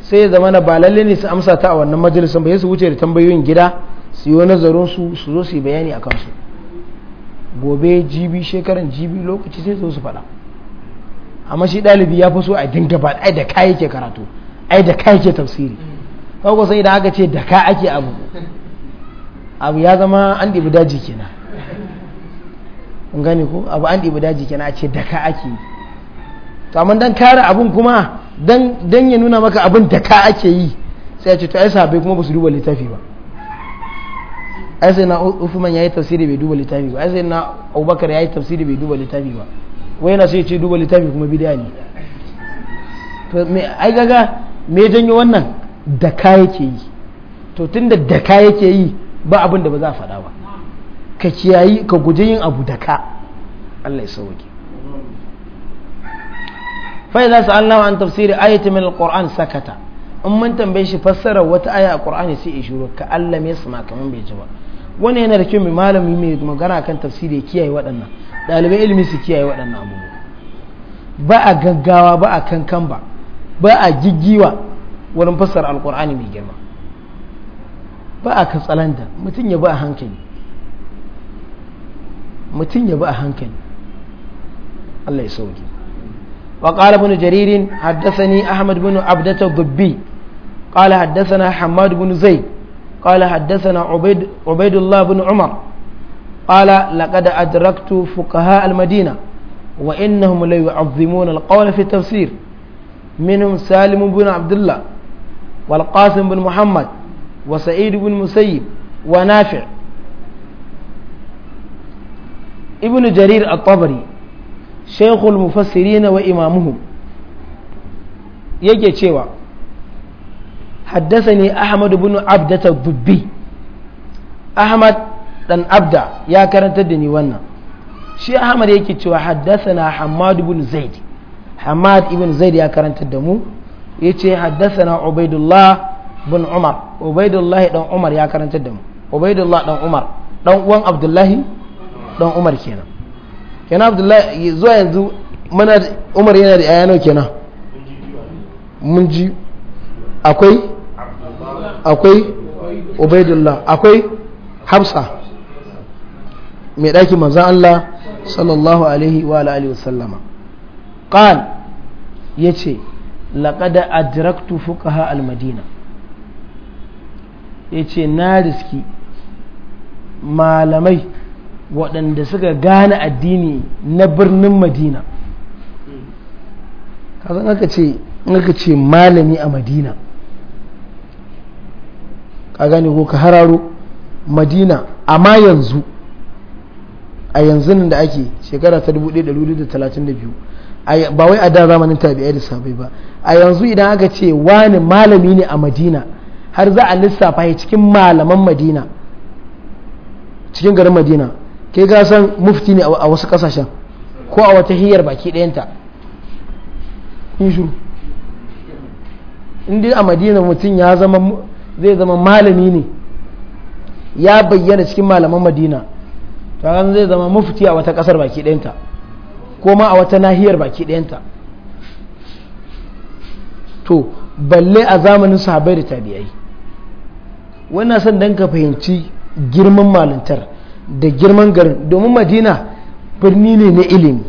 sai ya zama na ba lalle ne su amsa ta a wannan majalisar ba su wuce da tambayoyin gida su yi nazarin su su zo su yi bayani a kansu gobe jibi shekaran jibi lokaci sai zo su faɗa amma shi ɗalibi ya fi so a dinga ba ai da kai yake karatu ai da kai yake tafsiri kawai sai idan aka ce da ka ake abu abu ya zama an ɗibi daji kenan kun gane ko abu an ɗibi daji kenan a ce da ka ake yi to amma dan kare abun kuma dan ya nuna maka abin da ka ake yi sai ya ce to ai sahabbai kuma ba su duba littafi ba ai sai na Uthman yayi tafsiri bai duba littafi ba ai sai na Abubakar yayi tafsiri bai duba littafi ba wai yana so ya ce duba littafi kuma bid'a ne to me ai gaga me janyo wannan da ka yake yi to tunda da ka yake yi ba abin da ba za a faɗa ba ka kiyayi ka guje yin abu da ka Allah ya sauke fa idza sa'alnahu an tafsiri ayati min alquran sakata in mun tambaye shi fassara wata aya a qur'ani sai ya ka Allah me yasma kaman bai ji ba wani yana da kyau mai malami mai magana kan tafsiri ya kiyaye waɗannan ɗalibai ilimi su kiyaye waɗannan abubuwa ba a gaggawa ba a kankan ba ba a giggiwa wurin fassara alkur'ani mai girma ba a katsalanta mutum ya ba a hankali mutum ya ba a hankali Allah ya sauki وقال ابن جرير حدثني أحمد بن عبدة الضبي قال حدثنا حماد بن زيد قال حدثنا عبيد, عبيد الله بن عمر قال لقد أدركت فقهاء المدينة وإنهم ليعظمون القول في التفسير منهم سالم بن عبد الله والقاسم بن محمد وسعيد بن مسيب ونافع ابن جرير الطبري shaykhul mufassirin wa imamuhum yake cewa haddasa ne ahmad Abda ta dubbi ahmad dan abda ya karantar da ni wannan shi ahmad yake cewa haddasana hamad bin zaid hamad ibn zaid ya karantar da mu yace haddasana ubaidullah bin umar ubaidullah dan umar ya karantar da mu ubaidullah dan umar dan uwan abdullahi dan umar kenan kenan abdullahi zuwa yanzu mana umar yana da yaya kenan mun ji akwai akwai ubaidullah akwai hafsa mai ɗaki manzan Allah sallallahu alaihi wa alihi wasallama qal yace laqad adraktu fuqaha almadina madina yace na riski malamai waɗanda suka gane addini na birnin madina kasan aka ce aka ce malami a madina ka gane ko ka hararo madina amma yanzu a yanzu nan da ake shekara ta 1232 ba wai a da zamanin tabi'ai da sabai ba a yanzu idan aka ce wani malami ne a madina har za a lissafa ya cikin malaman madina cikin garin madina ke ga san mufti ne a wasu kasashen ko a wata hiyar baki ɗayanta in shuru inda a madina mutum ya zama zai zama malami ne ya bayyana cikin malaman madina to ran zai zama mufti a wata kasar baki ɗayanta ko ma a wata nahiyar baki ɗayanta to balle a zamanin sahabai da tabi'ai wannan san dan ka fahimci girman malantar. da girman garin domin madina birni ne na ilimi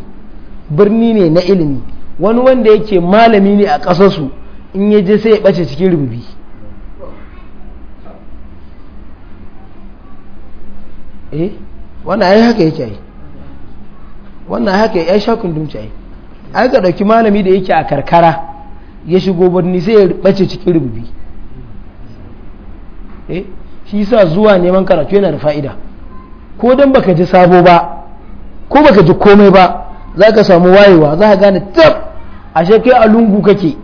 birni ne na ilimi wani wanda yake malami ne a ƙasarsu in ya je sai ya ɓace cikin rububi eh wannan ai haka yake yi wannan haka ya sha kundumci ai ai ka ɗauki malami da yake a karkara ya shigo birni sai ya ɓace cikin rububi eh shi sa zuwa neman karatu yana da fa'ida ko don baka ji sabo ba ko baka ji komai ba za ka samu wayewa za ka gane tab ashe kai a lungu kake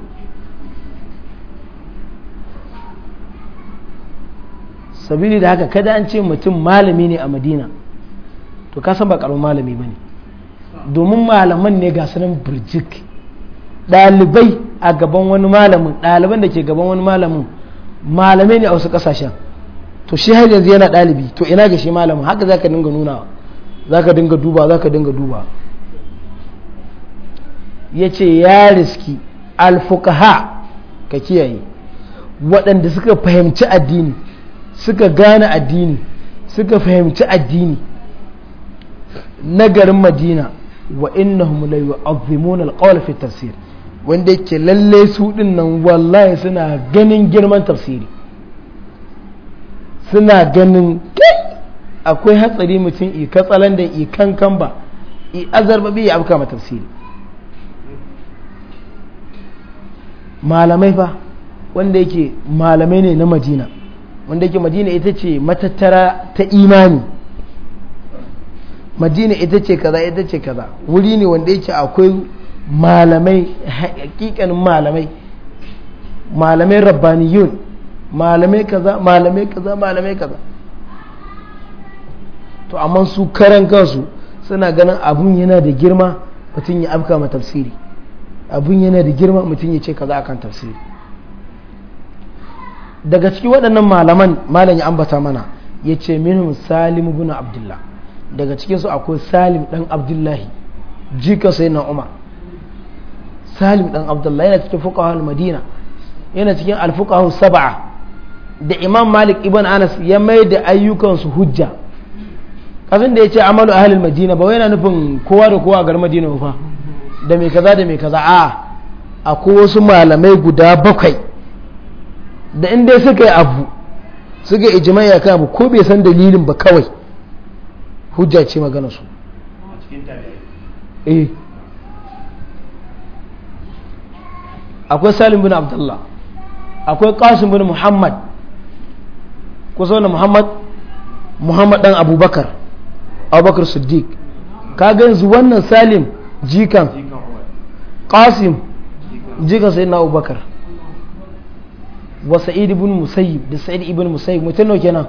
sabili da haka kada an ce mutum malami ne a madina to ka san ba karamin malami ba ne domin malaman ne ga sunan birjik ɗalibai a gaban wani malamin ɗaliban da ke gaban wani malamin malamai ne a wasu ƙasashen to shi har yanzu yana ɗalibi to ina ga shi malamin haka zaka dinga nuna zaka dinga duba zaka dinga duba yace ya riski alfukaha ka kiyaye waɗanda suka fahimci addini suka gane addini suka fahimci addini na garin madina wa innahum la yu'azzimuna alqawl fi tafsir wanda yake lalle su dinnan wallahi suna ganin girman tafsiri suna ganin kai akwai hatsari mutum i katsalan da i kan ba i azarbabi ya abuka tafsiri malamai fa wanda yake malamai ne na madina wanda yake madina ita ce matattara ta imani madina ita ce kaza ita ce kaza wuri ne wanda yake akwai malamai hakikanin malamai malamai rabbaniyun malamai kaza malamai kaza malamai kaza to amma su karan kansu suna ganin abun yana da girma mutum ya afka ma tafsiri abun yana da girma mutum ya ce kaza akan tafsiri daga ciki waɗannan malaman malam ya ambata mana ya ce minhum salim ibn abdullah daga cikin su akwai salim dan abdullahi jika sai na umar salim dan abdullahi yana cikin fuqahul madina yana cikin al-fuqaha sab'a da imam malik ibn anas ya mai da ayyukansu hujja kafin da ya ce amalu ahalil madina ba wai yana nufin kowa da kowa a madina ba da mai kaza da mai kaza a ko wasu malamai guda bakwai da in dai suka yi abu suka ijimai ya kan abu ko bai san dalilin ba kawai hujja ce magana su eh akwai salim bin abdullah akwai qasim bin muhammad ku na muhammad muhammad dan abubakar abubakar siddiq kaga yanzu wannan salim jikan qasim jikan sayyidina abubakar wa sa'id ibn musayyib da sa'id ibn musayyib mutum nawa kenan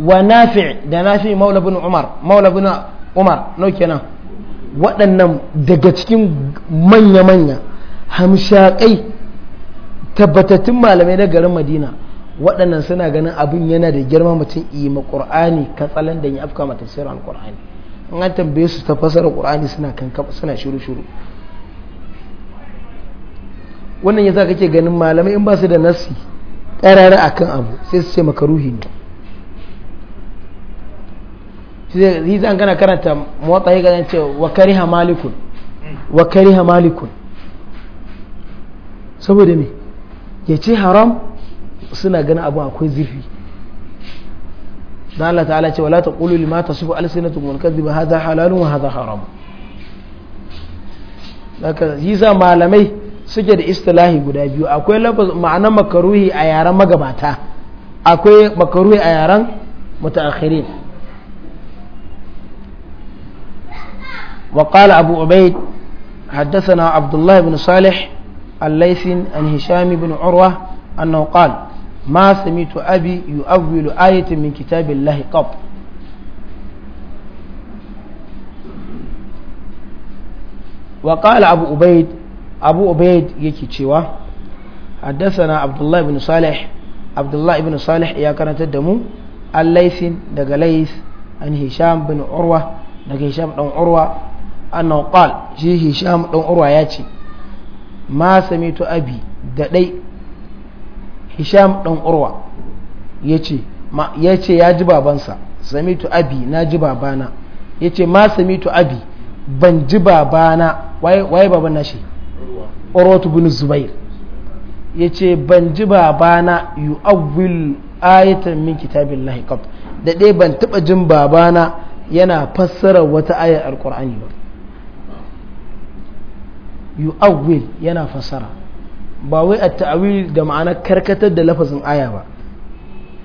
wa nafi' da nafi' maula ibn umar maula ibn umar nawa kenan waɗannan daga cikin manya-manya hamshaƙai tabbatattun malamai na garin madina waɗannan suna ganin abin yana da girma mutum yi ima ƙur'ani katsalan da ya afka ma tafsirin alƙur'ani in an tambaye su ta fasara ƙur'ani suna suna shiru shiru wannan yasa kake ganin malamai in ba su da nassi ƙarara kan abu sai su ce maka ruhi ne shi zan kana karanta motsa yi ganin ce wa kariha malikun wa kariha malikun saboda me ya ce haram suna ganin abin akwai zurfi dan Allah ta'ala ce wala taqulu lima tasifu alsinatukum al-kadhiba hadha halalun wa hadha haram haka yisa malamai suke da istilahi guda biyu akwai lafaz ma'ana makaruhi a yaran magabata akwai makaruhi a yaran mutaakhirin وقال أبو عبيد حدثنا عبد الله بن صالح الليثي عن هشام بن عروة أنه قال ma samitu abi yu'awwilu ayatin min kitabillahi qab wa qala abu ubaid abu ubaid yake cewa haddathana abdullah ibn salih abdullah ibn salih ya karantar da mu al-laysin daga lays an hisham bin urwa daga hisham dan urwa annahu qala shi hisham dan urwa ya ce ma samitu hisham ɗan urwa ya ce ya ji babansa samitu abi na ji babana ya ce ma samitu abi ban ji babana waye baban nashi urwatu bin zubair ya ce ban ji babana yu'awwil ayatan min kitabin lahikot da dai ban taɓa jin babana yana fassara wata ayar alqur'ani ba ah. yu'awwil yana fassara ba wai a ta'awil da ma'anar karkatar da lafazin aya ba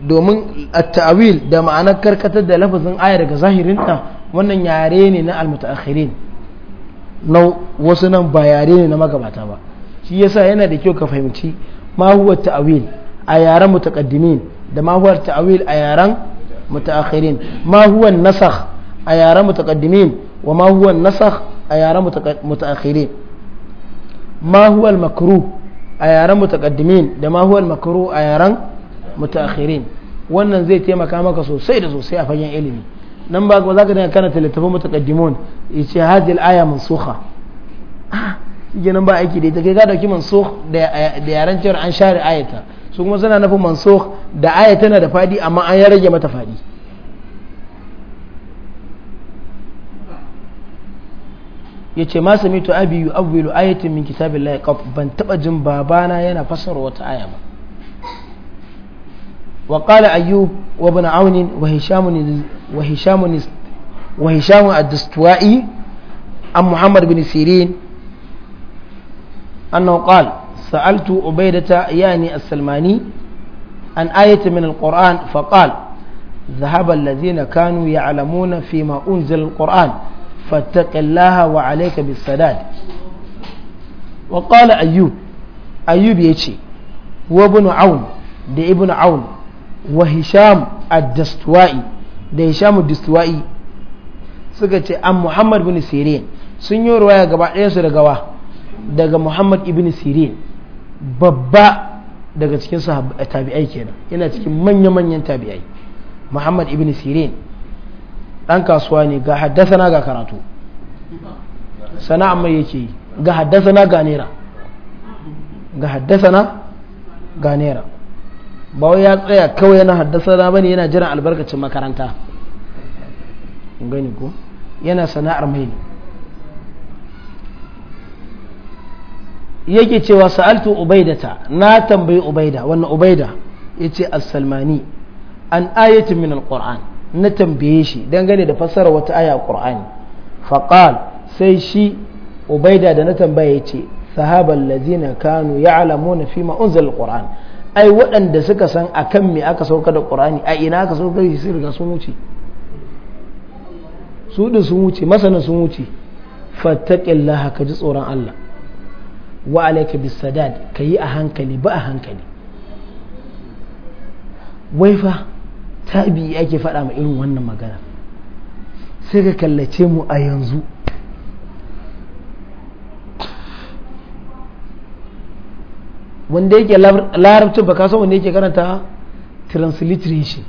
domin a ta'awil da ma'anar karkatar da lafazin aya daga zahirinta wannan yare ne na al-mutaakhirin na wasu nan ba yare ne na magabata ba shi yasa yana da kyau ka fahimci ma huwa ta'awil a yaren mutaqaddimin da ma huwa ta'awil a yaren mutaakhirin ma huwa nasakh a yaren mutaqaddimin wa ma huwa nasakh a yaren mutaakhirin ma huwa al-makruh a yaren mutaqaddimin da ma huwal a yaren mutaakhirin wannan zai taimaka maka sosai da sosai a fagen ilimi nan ba za ka dinga kana littafin mutaqaddimun ya hadhihi al-aya mansukha ah, shi nan ba aiki da ita kai ka dauki mansuh da yaren cewar an share ayata su kuma suna nufin mansuh da aya tana da fadi amma an ya rage mata fadi yace ma samitu abi yu yu'awwilu ayatin min kitabillahi qaf ban taba jin babana yana fasara wata aya ba wa qala ayyub wa ibn aun wa hisham wa hisham wa hisham ad-dastuwa'i an muhammad bin sirin annahu qala sa'altu ubaydata yani as-salmani an ayatin min al-quran fa qala ذهب الذين كانوا يعلمون فيما أنزل القرآن فاتق الله وعليك بالسداد وقال أيوب أيوب يجي وابن عون دي ابن عون وهشام الدستوائي دي هشام الدستوائي سكتي أم محمد بن سيرين سنيور ويا قبع يسر قوا daga محمد ibn سيرين babba daga cikin tabi'ai kenan yana cikin manya-manyan tabi'ai Muhammad ibn Sirin ɗan kasuwa ne ga haddasa ga karatu sana'a mai yake yi ga haddasa ga nera ga haddasa ga nera ba wai ya tsaya kawai yana haddasa na bane yana jiran albarkacin makaranta gani ko yana sana'ar mai ne yake cewa sa'altu ubaidata na tambayi ubaida wannan ubaida yace as-salmani an ayatin min al-qur'an na tambaye shi dangane da fassara wata aya a qur'ani faƙal sai shi ubaida da na tambaya ya ce sahaban lazina kanu ya'lamuna na fima unzal ƙur'an ai waɗanda suka san akan me aka sauka da qur'ani a ina aka sauka shi sun riga sun wuce su din sun wuce masana sun wuce fattaqillaha ka ji tsoron Allah wa sadad ka kayi a hankali ba a hankali wai fa tabi'i yake faɗa ma irin wannan magana sai ka kallace mu a yanzu wanda yake larabcin ba kasan wanda yake karanta transliteration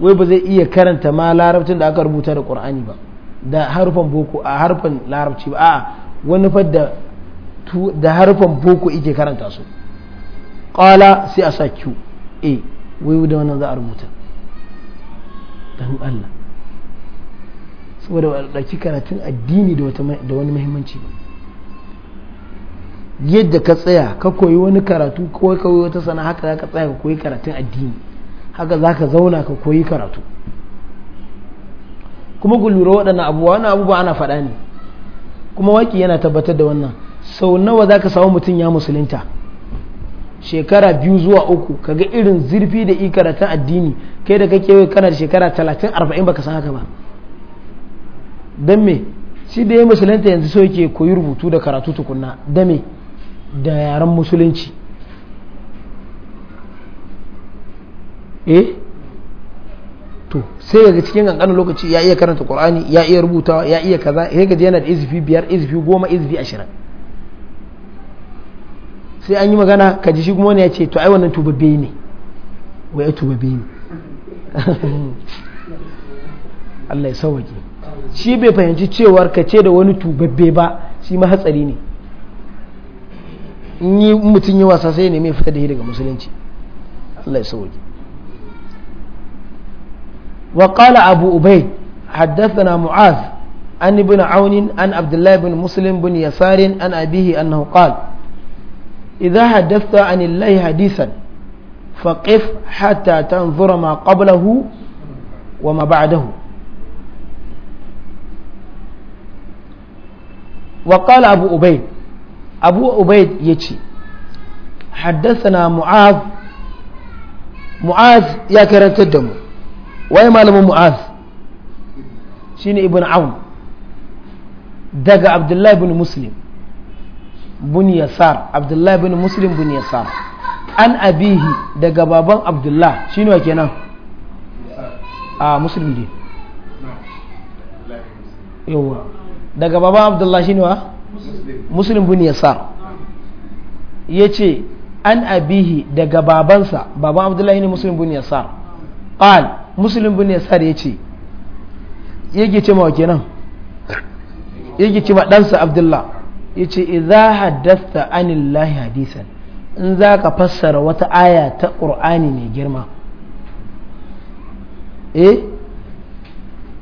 wai ba zai iya karanta ma larabcin da aka rubuta da ƙur'ani ba da harfan boko a harfan larabci ba a wani fadda da harfan boko yake karanta su ƙala sai a sa q a wai da wannan za a rubuta don Allah saboda ba ɗauki karatun addini da wani muhimmanci ba yadda ka tsaya ka koyi wani karatu ko ka koyi wata sana haka za ka tsaya ka koyi karatun addini haka za ka zauna ka koyi karatu kuma ku lura waɗannan abubuwa wani abubuwa ana faɗa ne kuma waki yana tabbatar da wannan sau nawa za ka samu mutum ya musulunta shekara biyu zuwa uku kaga irin zurfi da i addini kai da kake kana da shekara talatin arba'in baka san haka ba don me shi da ya musulunta yanzu so yake koyi rubutu da karatu tukunna da me da yaren musulunci eh to sai ga cikin kankanin lokaci ya iya karanta qur'ani ya iya rubutawa ya iya kaza sai ga yana da izifi biyar izifi goma izifi ashirin sai an yi magana ka ji shi kuma wani ya ce to ai wannan tubabbe ne wai ai tubabbe ne [LAUGHS] Allah ya sauwaje shi bai fahimci cewar ka ce da wani tubabbe ba shi ma hatsari ne yi mutum yi wasa sai ne mai fita da shi daga musulunci Allah ya sauwaje وقال أبو أبي حدثنا معاذ عن ابن عون عن عبد الله بن مسلم بن يسار an أبيه أنه قال idza haddasa anillahi hadisan faqif hatta tanzura ma qablahu wa ma ba'dahu wa qala abu ubayd abu ubayd yace haddathana mu'az mu'az ya karantar da mu waye malamin mu'az shine ibn aun daga abdullahi ibn muslim bin yasar abdullah bin muslim bin yasar an abihi daga baban abdullah shi ne kenan a muslim ne yawa daga baban abdullah shi ne wa muslim bin yasar ya ce an abihi daga babansa baban abdullahi ne muslim bin yasar qal muslim bin yasar ce yake ce ma kenan yake ce ma ɗansa abdullah yace idza haddatha anillahi hadisan in zaka fassara wata aya ta qur'ani mai girma eh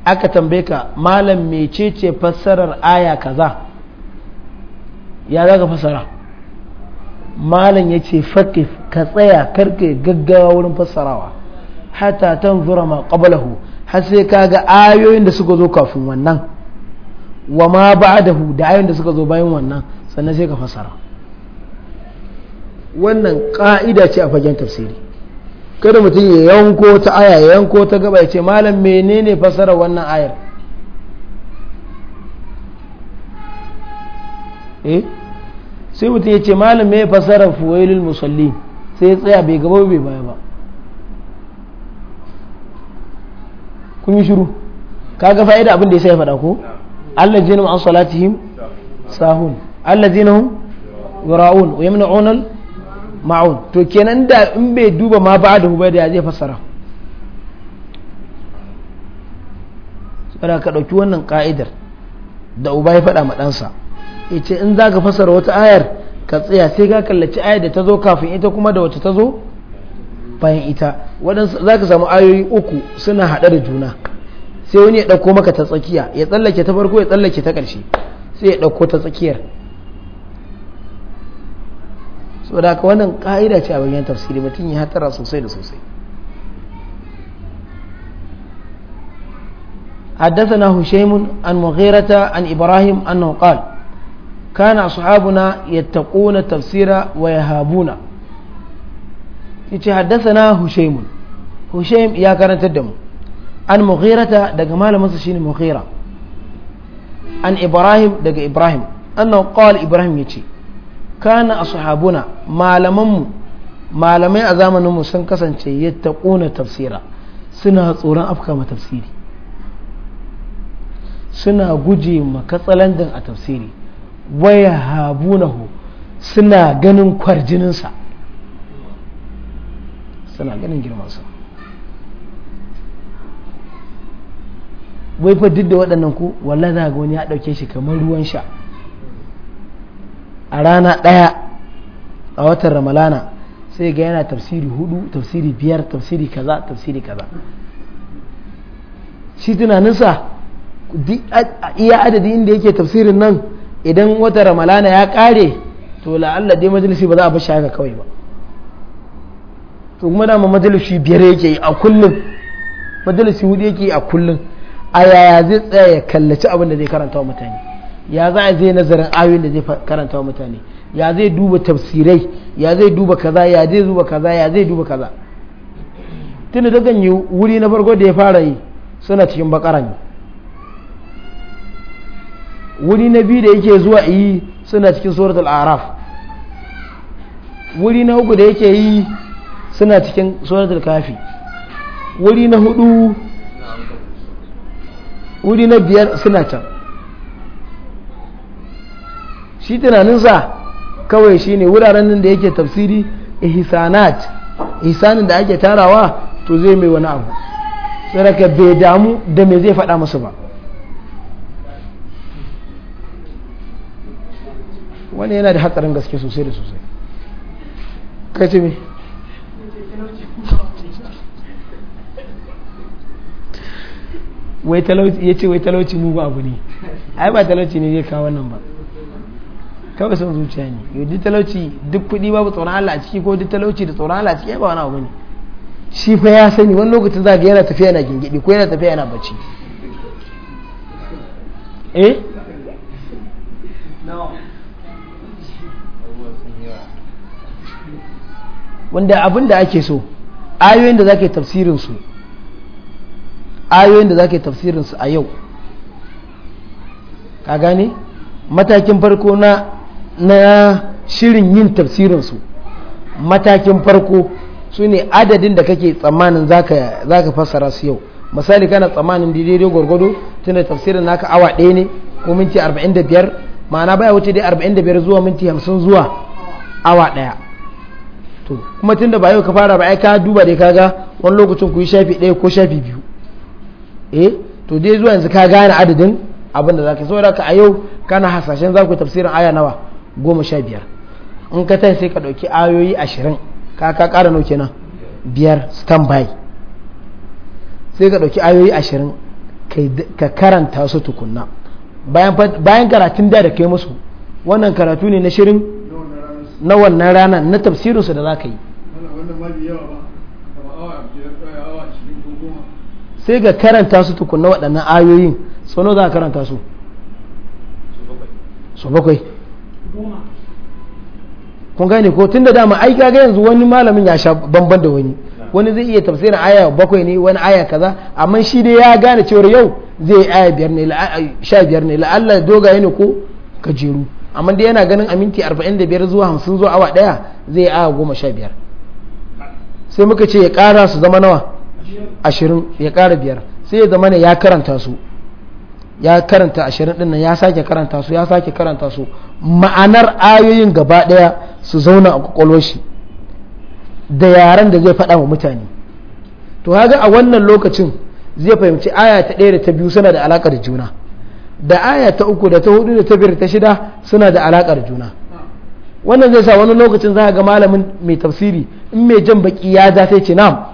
aka tambaye ka malam mecece fassarar aya kaza ya za fassara malam ya ce ka tsaya karka gaggawa wurin fassarawa hata tan zura ma qablahu har sai ka ga ayoyin da suka zo kafin wannan wa ma ba da hu da da suka zo bayan wannan sannan sai ka fasara wannan ka'ida ce a fagen tafsiri kada mutum ya yanko ta aya ya yanko ta gaba ya ce malam menene fasara wannan ayar eh sai mutum ya ce malam me fasara fuwailul musalli sai ya tsaya bai gaba bai baya ba kun yi shiru kaga fa'ida abin da ya sai faɗa ko allazina an salatihim sahun allazina hum yura'un wa yamna'un al ma'un to kenan da in bai duba ma ba da hubai da zai fassara saboda ka ɗauki wannan ka'idar da uba ya faɗa ma ɗansa ya ce in za ka fassara wata ayar ka tsaya sai ka kallaci ayar da ta zo kafin ita kuma da wacce ta zo bayan ita waɗansu za ka samu ayoyi uku suna haɗe da juna sai wani ya ɗauko maka ta tsakiya ya tsallake ta farko ya tsallake ta ƙarshe sai ya ɗauko ta tsakiyar so da ka wannan ƙa'ida ce a bayan tafsiri mutum ya hatara sosai da sosai حدثنا هشيم عن مغيرة عن إبراهيم أنه قال كان أصحابنا يتقون التفسير ويهابون يتحدثنا هشيم هشيم يا كانت الدم an mughirata daga malaminsa shine mughira an ibrahim daga ibrahim annahu qala ibrahim yace kana ashabuna malamanmu malamai a zamanin mu sun kasance yattaquna tafsira suna tsoron afka ma tafsiri suna guje ma katsalandin a tafsiri waya habunahu suna ganin kwarjininsa suna ganin girmansa wai fa duk da waɗannan ku walla za ga wani ya ɗauke shi kamar ruwan sha a rana ɗaya a watan ramalana sai ga yana tafsiri hudu tafsiri biyar tafsiri kaza tafsiri kaza shi tunaninsa iya adadi inda yake tafsirin nan idan watan ramalana ya kare to la'alla dai majalisi ba za a bashi haka kawai ba to kuma dama majalisi biyar yake a kullum majalisi hudu yake a kullum a yaya zai tsaya ya kallaci abin da zai karanta wa mutane ya za a zai nazarin ayoyin da zai karanta wa mutane ya zai duba tafsirai ya zai duba kaza ya zai duba kaza ya zai duba kaza tun da zan yi wuri na farko da ya fara yi suna cikin bakara ne wuri na biyu da yake zuwa yi suna cikin suratul araf wuri na uku da yake yi suna cikin al kafi wuri na hudu wuri na biyar suna can shi tunanin sa kawai shi ne wuraren nan da yake tafsiri ihsanat ihsanin da ake tarawa to zai mai wani abu tsaraka bai damu da mai zai faɗa musu ba wani yana da hatsarin gaske sosai da sosai kai ce me wai talauci ya ce wai talauci mugu abu ne ai ba talauci ne zai kawo wannan ba kawai sun zuciya ne yau duk talauci duk kuɗi babu tsoron Allah a ciki ko duk talauci da tsoron Allah a ciki ba wani abu ne shi fa ya sani wani lokacin za ga yana tafiya na gingidi ko yana tafiya yana bacci eh wanda abin da ake so ayoyin da zake yi tafsirin su ayoyin da ka yi tafsirinsu a yau ka gane matakin farko na na shirin yin tafsirinsu matakin farko su ne adadin da kake tsammanin zaka ka fassara su yau misali kana tsammanin daidai gwargwado tunda tafsirin naka awa ɗaya ne ko minti 45 ma'ana baya wuce dai 45 zuwa minti 50 zuwa awa ɗaya to kuma tunda ba yau ka fara ba ai ka duba dai kaga wani lokacin ku yi shafi ɗaya ko shafi biyu eh to dai zuwa yanzu ka gane adadin abin da zaka saboda ka a yau kana hasashen zaku tafsirin aya nawa goma sha biyar in ka tashi sai ka ɗauki ayoyi ashirin ka ka ƙara nauke kenan biyar standby sai ka ɗauki ayoyi ashirin ka karanta su tukunna bayan karatun da da kai musu wannan karatu ne na shirin na wannan rana na tafsirinsu da za ka yi sai ga karanta su tukunna waɗannan ayoyin sau za a karanta su su bakwai kun gane ko tun da dama ai kaga yanzu wani malamin ya sha bamban da wani wani zai iya tafsirin aya bakwai ne wani aya kaza amma shi dai ya gane cewar yau zai aya biyar ne sha biyar ne la'alla doga ne ko kajeru amma dai yana ganin aminti arba'in da biyar zuwa hamsin zuwa awa daya zai aya goma sha biyar sai muka ce ya kara su zama nawa ashirin ya ƙara biyar sai ya zama ne ya karanta su ya karanta ashirin ɗin nan ya sake karanta su ya sake karanta su ma'anar ayoyin gaba ɗaya su zauna a kwakwalwar shi da yaren da zai faɗa wa mutane to haga a wannan lokacin zai fahimci aya ta ɗaya da ta biyu suna da alaƙar juna da aya ta uku da ta hudu da ta biyar ta shida suna da alaƙar juna wannan zai sa wani lokacin za ga malamin mai tafsiri in mai jan baki ya ja sai ce na'am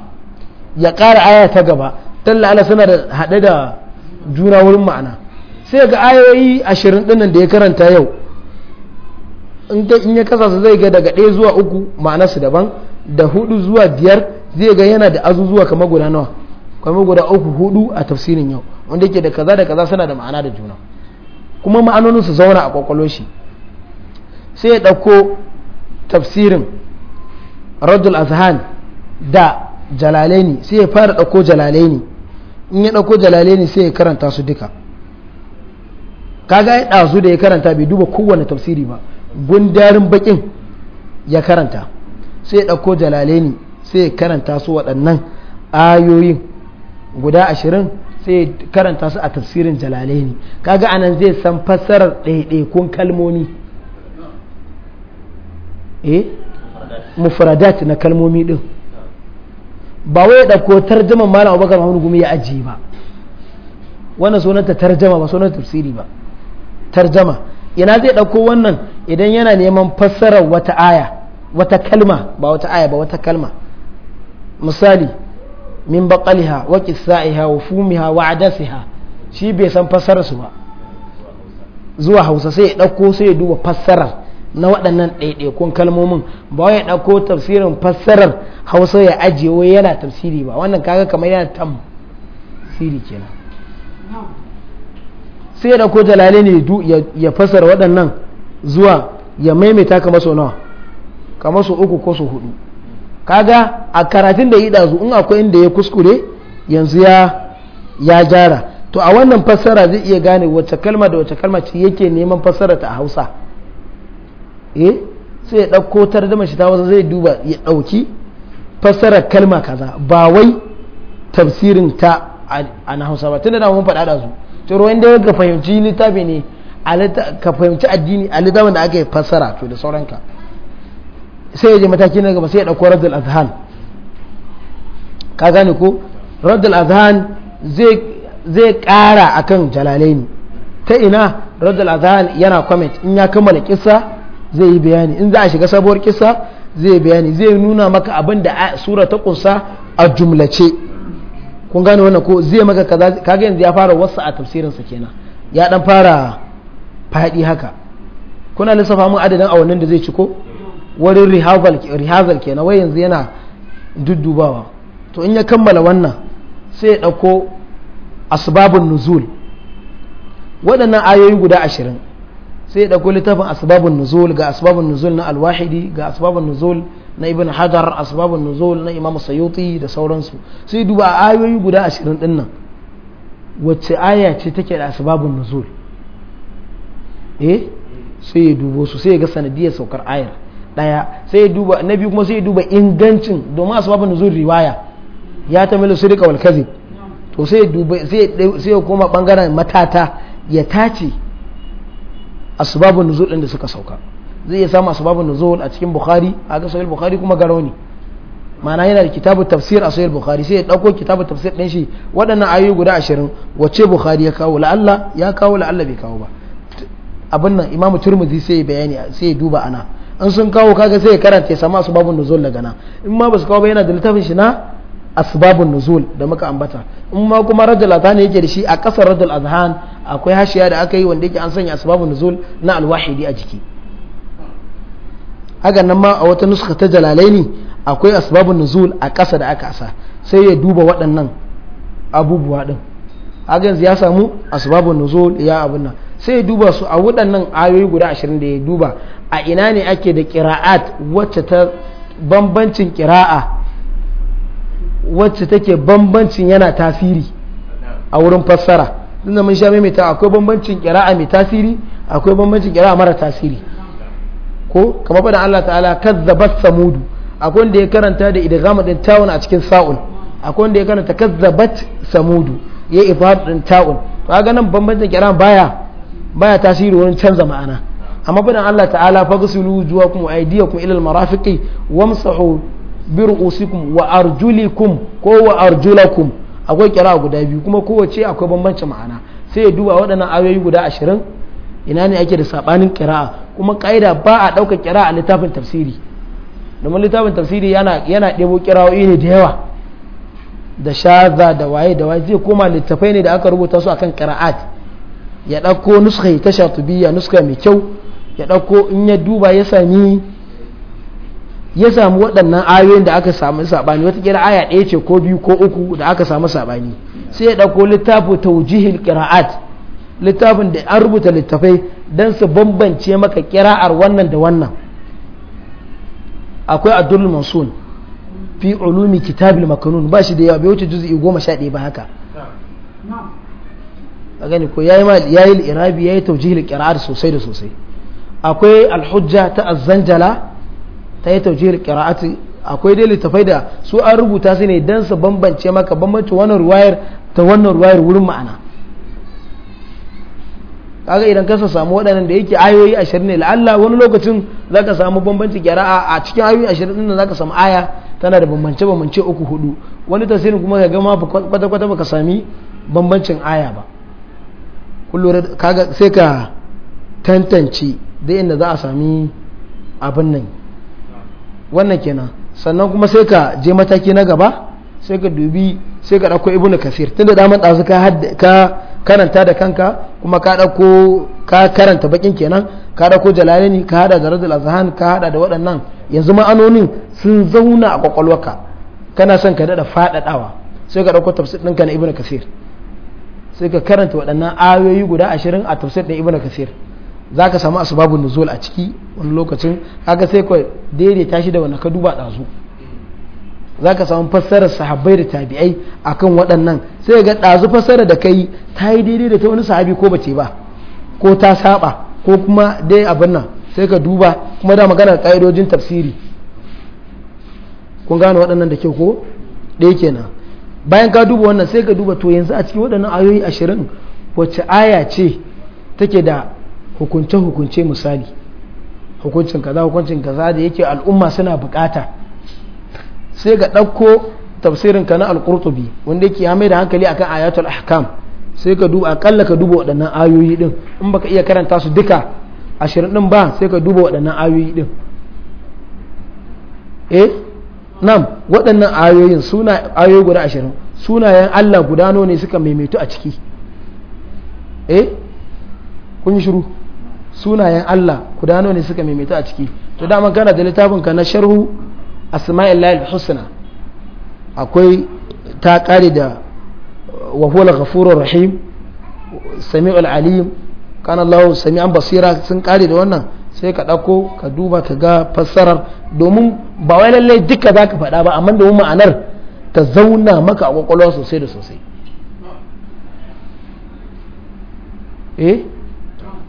ya ƙara aya ta gaba talla ala suna da haɗe da juna wurin ma'ana sai ga ayoyi ashirin ɗinnan da ya karanta yau in ya kasa su zai ga daga ɗaya zuwa uku ma'ana su daban da hudu zuwa biyar zai ga yana da azuzuwa kamar guda nawa kamar guda uku hudu a tafsirin yau wanda yake da kaza da kaza suna da ma'ana da juna kuma ma'anonin su zauna a kwakwalo shi sai ya ɗauko tafsirin radul azhan da jalalaini sai ya fara ɗauko jalalaini in ya ɗauko ne sai ya karanta su duka kaga ya ɗazu da ya karanta bai duba kowane tafsiri ba gundarin bakin ya karanta sai ya ɗauko jalalaini sai ya karanta su waɗannan ayoyin guda ashirin sai ya karanta su a tafsirin jalalaini kaga anan zai san fassarar ɗaiɗaikun kalmomi eh mufradat na kalmomi ɗin ba wai da ko tarjama malam abubakar mahmud gumi ya ajiye ba wannan sunanta tarjama ba sunanta tafsiri ba tarjama ina zai ɗauko wannan idan yana neman fassarar wata aya wata kalma ba wata aya ba wata kalma misali min baqaliha wa qissaiha wa fumiha wa adasiha shi bai san fassarar su ba zuwa Hausa sai ya ɗauko sai ya duba fassarar na waɗannan ɗaiɗaikun kalmomin ba wai ya ɗauko tafsirin fassarar hausa ya ajiye wai yana tafsiri ba wannan kaga kamar yana tam siri kenan sai ya dauko jalale ne ya fasar waɗannan zuwa ya maimaita kamar sau nawa kamar sau uku ko sau hudu kaga a karatun da yi ɗazu in akwai inda ya kuskure yanzu ya gyara to a wannan fassara zai iya gane wacce kalma da wacce kalma ce yake neman fassara ta a hausa eh sai ya ɗauko tardama shi ta wasu zai duba ya ɗauki fassarar kalma kaza ba wai tafsirin ta a na hausa ba tunda da mun faɗa da su tsoro inda ka fahimci littafi ne ka fahimci addini a littafin da aka yi fassara to da sauranka sai ya je mataki na gaba sai ya ɗauko radul azhan ka gane ko radul azhan zai ƙara akan jalalaini ta ina radul azhan yana comment in ya kammala kisa zai yi bayani in za a shiga sabuwar kisa zai bayani zai nuna maka abin da sura ta kunsa a jumlace kun gane wannan ko zai maka kaza kaga yanzu ya fara wasu a tafsirinsa kenan ya dan fara faɗi haka kuna lissafa mun adadin awannin da zai ci ko wurin rihazal kenan wai yanzu yana duddubawa to in ya kammala wannan sai ya ɗauko asbabun nuzul waɗannan ayoyi guda ashirin sai da kuli tafin asbabun nuzul ga asbabun nuzul na alwahidi ga asbabun nuzul na ibn hajar asbabun nuzul na imam sayuti da sauransu sai duba ayoyi guda ashirin din nan wacce aya ce take da asbabun nuzul eh sai ya dubo su sai ya ga sanadiyar saukar ayar daya sai ya duba na biyu kuma sai ya duba ingancin domin asbabun nuzul riwaya ya ta milo su wal kazib to sai ya duba sai ya koma bangaren matata ya tace asbabun nuzul din da suka sauka zai iya samu asbabun nuzul a cikin bukhari a ga sahih bukhari kuma ne ma'ana yana da kitabu tafsir a sahih bukhari sai ya dauko kitabu tafsir din shi waɗannan ayoyi guda 20 wace bukhari ya kawo la'alla ya kawo la'alla bai kawo ba abin nan imamu turmuzi sai ya bayani sai ya duba ana in sun kawo kaga sai ya karanta ya samu asbabun nuzul daga na in ma ba su kawo ba yana da littafin shi na asbabun nuzul da muka ambata in ma kuma rajul azhan yake da shi a kasar rajul azhan akwai hashiya da aka yi wanda yake an sanya asbabun nuzul na alwahidi a jiki haka nan ma a wata nuska ta jalalaini akwai asbabun nuzul a ƙasa da aka asa sai ya duba waɗannan abubuwa ɗin haka yanzu ya samu asbabun nuzul ya abin nan sai ya duba su a waɗannan ayoyi guda ashirin da ya duba a ina ne ake da ƙira'at wacce ta bambancin ƙira'a wacce take bambancin yana tasiri a wurin fassara tunda mun sha maimaita akwai bambancin kira'a mai tasiri akwai bambancin kira'a mara tasiri ko kamar faɗin Allah ta'ala kazzabat samudu akwai wanda ya karanta da idgham din ta'un a cikin sa'un akwai wanda ya karanta kazzabat samudu ya ifad din ta'un to kaga nan bambancin kira'a baya baya tasiri wurin canza ma'ana amma faɗin Allah ta'ala faghsilu wujuhakum wa aydiyakum ila al-marafiqi wamsahu bi ru'usikum wa arjulikum ko wa arjulakum akwai kira guda biyu kuma kowace akwai bambanci ma'ana sai ya duba waɗannan ayoyi guda ashirin ina ne ake da saɓanin kira'a kuma ƙa'ida ba a ɗaukar a littafin tafsiri domin littafin tafsiri yana yana ɗebo kira'o'i ne da yawa da shaza da waye da waye zai koma littafai ne da aka rubuta su akan kira'at ya ɗauko nuska ta shatubiyya nuska mai kyau ya ɗauko in ya duba ya sami ya samu waɗannan ayoyin da aka samu sabani watakila aya ɗaya ce ko biyu ko uku da aka samu sabani sai ya ɗauko littafin taujihil qira'at littafin da an rubuta littafai don su bambance maka ƙira'ar wannan da wannan akwai abdul mansun fi ulumi kitabil makanun ba shi da yawa bai wuce juz'i goma sha ɗaya ba haka a gani ko yayi mal yayi irabi yayi qira'at sosai da sosai akwai alhujja ta Azanjala. ta yi taujihar kira'ati akwai dai littafai da su an rubuta su ne don su bambance maka bambance wannan ruwayar ta wannan ruwayar wurin ma'ana kaga idan kasa samu waɗannan da yake ayoyi ashirin ne la'alla wani lokacin za ka samu bambanci gyara'a a cikin ayoyi ashirin ɗin za ka samu aya tana da bambance bambance uku hudu wani tasirin kuma ka gama kwata kwata baka sami bambancin aya ba kullum kaga sai ka tantance da inda za a sami abin nan wannan kenan sannan kuma sai ka je mataki na gaba sai ka dubi sai ka dauko ibnu kasir tunda mun ɗazu ka karanta da kanka kuma ka dauko ka karanta bakin kenan ka dauko jalalaini ka hada da radul azhan ka hada da waɗannan yanzu ma'anonin sun zauna a kwakwalwarka kana son ka daɗa faɗaɗawa sai ka dauko tafsir ɗinka na ibnu kasir sai ka karanta waɗannan ayoyi guda ashirin a tafsir ɗin ibnu kasir za ka samu asbabun nuzul a ciki wani lokacin haka sai daidai daidaita shi da wani ka duba ɗazu za ka samu fassarar sahabbai da tabi'ai akan waɗannan sai ga ɗazu fassara da kai ta yi daidai da ta wani sahabi ko bace ba ko ta saba ko kuma dai abin nan sai ka duba kuma da magana ƙa'idojin tafsiri kun gane waɗannan da kyau ko ɗaya kenan bayan ka duba wannan sai ka duba to yanzu a cikin waɗannan ayoyi ashirin wacce aya ce take da hukunce-hukunce misali hukuncin kaza hukuncin kaza da yake al'umma suna bukata sai ga ɗauko tafsirin ka na al-qurtubi wanda yake mai da hankali akan ayatul ahkam sai ka duba akalla ka duba waɗannan ayoyi din in baka iya karanta su duka ashirin din ba sai ka duba waɗannan ayoyi din eh nam waɗannan ayoyin suna ayoyi guda ashirin sunayen Allah gudano ne suka maimaitu a ciki eh kun yi shiru sunayen Allah kudano ne suka maimaita a ciki to dama kana da littafin ka na sharhu asma'il asma'illahi husna akwai ta kare da wa huwa ghafurur rahim sami'ul alim kana Allah sami'an basira sun kare da wannan sai ka dauko ka duba ka ga fassarar domin ba wai lalle duka zaka faɗa ba amma domin ma'anar ta zauna maka a kwakwalwa sosai da sosai eh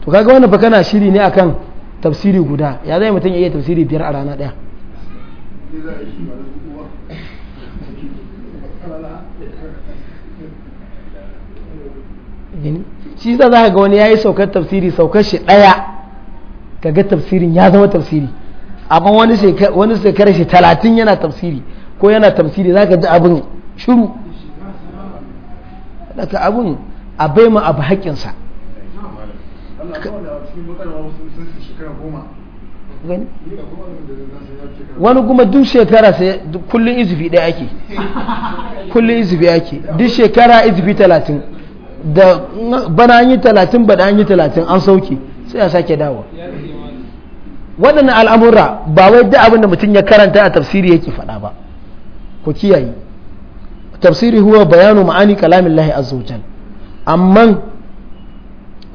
to kaga wannan fa kana shiri ne akan tafsiri guda ya zai mutum ya iya tafsiri biyar a rana daya shi za za ga wani ya yi saukar tafsiri saukar shi ɗaya ka ga tafsirin ya zama tafsiri amma wani shekarar shi talatin yana tafsiri ko yana tafsiri za ka ji abin shuru daga abin a bai ma abu haƙƙinsa wani kuma duk shekara sai kullum izufi ɗaya ake [LAUGHS] kullum izufi ake duk shekara izufi talatin da bana an yi talatin ba da an yi talatin an sauke sai a sake dawa waɗannan al'amura ba wai da abin da mutum ya karanta a tafsiri yake faɗa ba ku kiyaye tafsiri huwa bayanu ma'ani kalamin lahi azza amma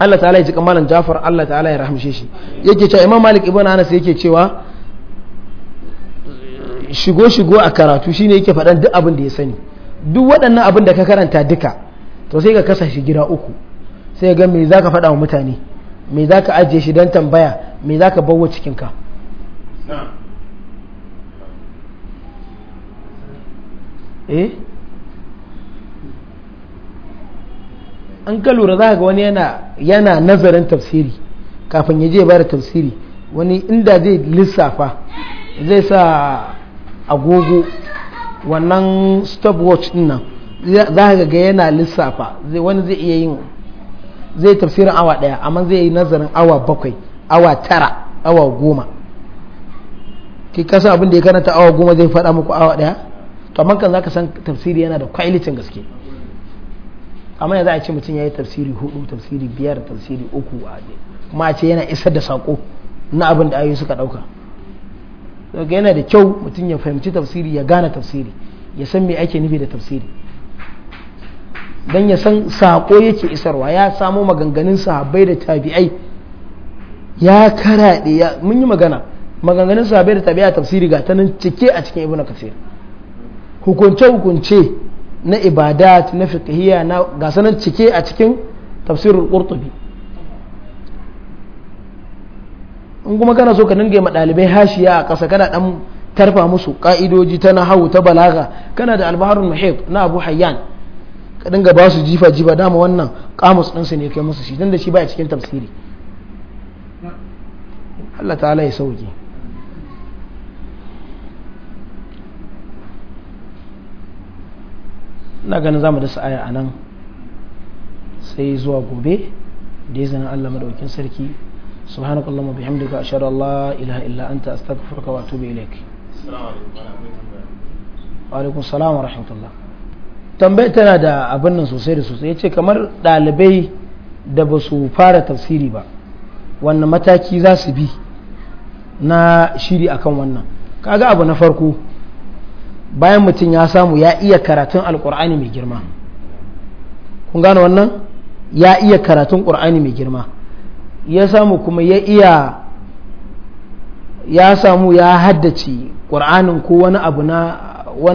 Allah ta'ala ya ji kamalan Jafar Allah ta'ala ya rahamshe shi yake cewa Imam Malik ibn Anas yake cewa shigo shigo a karatu shine yake faɗan duk abin da ya sani duk waɗannan abin da ka karanta duka to sai ka kasa shi gida uku sai ga me zaka faɗa wa mutane me zaka ajiye shi dan tambaya me zaka bawa cikin ka eh an ka lura za ga wani yana nazarin tafsiri kafin ya je ba da tafsiri wani inda zai lissafa zai sa agogo wannan stopwatch din nan za ka ga yana lissafa wani zai iya yin zai tafsirin awa daya amma zai yi nazarin awa bakwai awa tara awa goma ki kasa abin da ya karanta awa goma zai faɗa muku awa daya to amma kan za ka san tafsiri yana da kwa'ilicin gaske amma yanzu a ce mutum ya yi tafsiri hudu tafsiri biyar tafsiri uku a kuma ce yana isar da sako na abin da ayoyi suka dauka daga yana da kyau mutum ya fahimci tafsiri ya gane tafsiri ya san me ake nufi da tafsiri don ya san sako yake isarwa ya samo maganganun sahabbai da tabi'ai ya karaɗe ya mun yi magana maganganun sahabbai da a tafsiri ga ta nan cike a cikin ibnu kasir hukunce hukunce na ibadat na fiqhiyya na ga sanan cike a cikin tafsirul qurtubi in kuma kana so ka dinga ma dalibai hashiya a ƙasa kana dan tarfa musu ka'idoji ta nahawu ta balaga kana da albaharul muhit na abu hayyan ka dinga ba su jifa jifa dama wannan kamus din su ne kai musu shi dan da shi ba cikin tafsiri Allah ta'ala ya sauke na ganin za mu dasa aya a nan sai zuwa gobe da izinin Allah madaukin sarki سبحانك اللهم وبحمدك أشهد أن لا إله إلا أنت أستغفرك وأتوب إليك وعليكم salam wa الله tambayi tana da abin nan sosai da sosai ya ce kamar ɗalibai da ba su fara tafsiri ba wannan mataki za su bi na shiri akan wannan kaga abu na farko bayan mutum ya samu ya iya karatun alkur'ani mai girma kun gane wannan ya iya karatun ƙur'ani mai girma ya samu kuma ya iya ya samu ya haddace ƙur'anin ko wani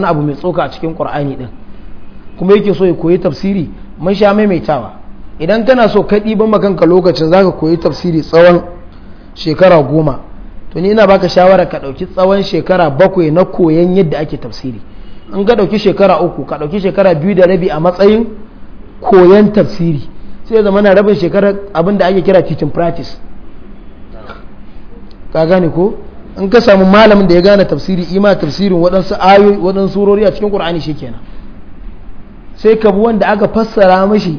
abu mai tsoka a cikin ƙur'ani ɗin kuma yake so ya koyi tafsiri mun sha maimaitawa idan tana so ka ɗiban makanka lokacin za ka koyi tafsiri tsawon shekara goma to ni ina baka shawara ka ɗauki tsawon shekara bakwai na koyan yadda ake tafsiri in ka ɗauki shekara uku ka ɗauki shekara biyu da rabi a matsayin koyan tafsiri sai zama na rabin shekarar abin da ake kira teaching practice ka gane ko in ka samu malamin da ya gane tafsiri ima tafsirin waɗansu ayoyi waɗansu surori a cikin ƙur'ani shikenan sai ka bi wanda aka fassara mashi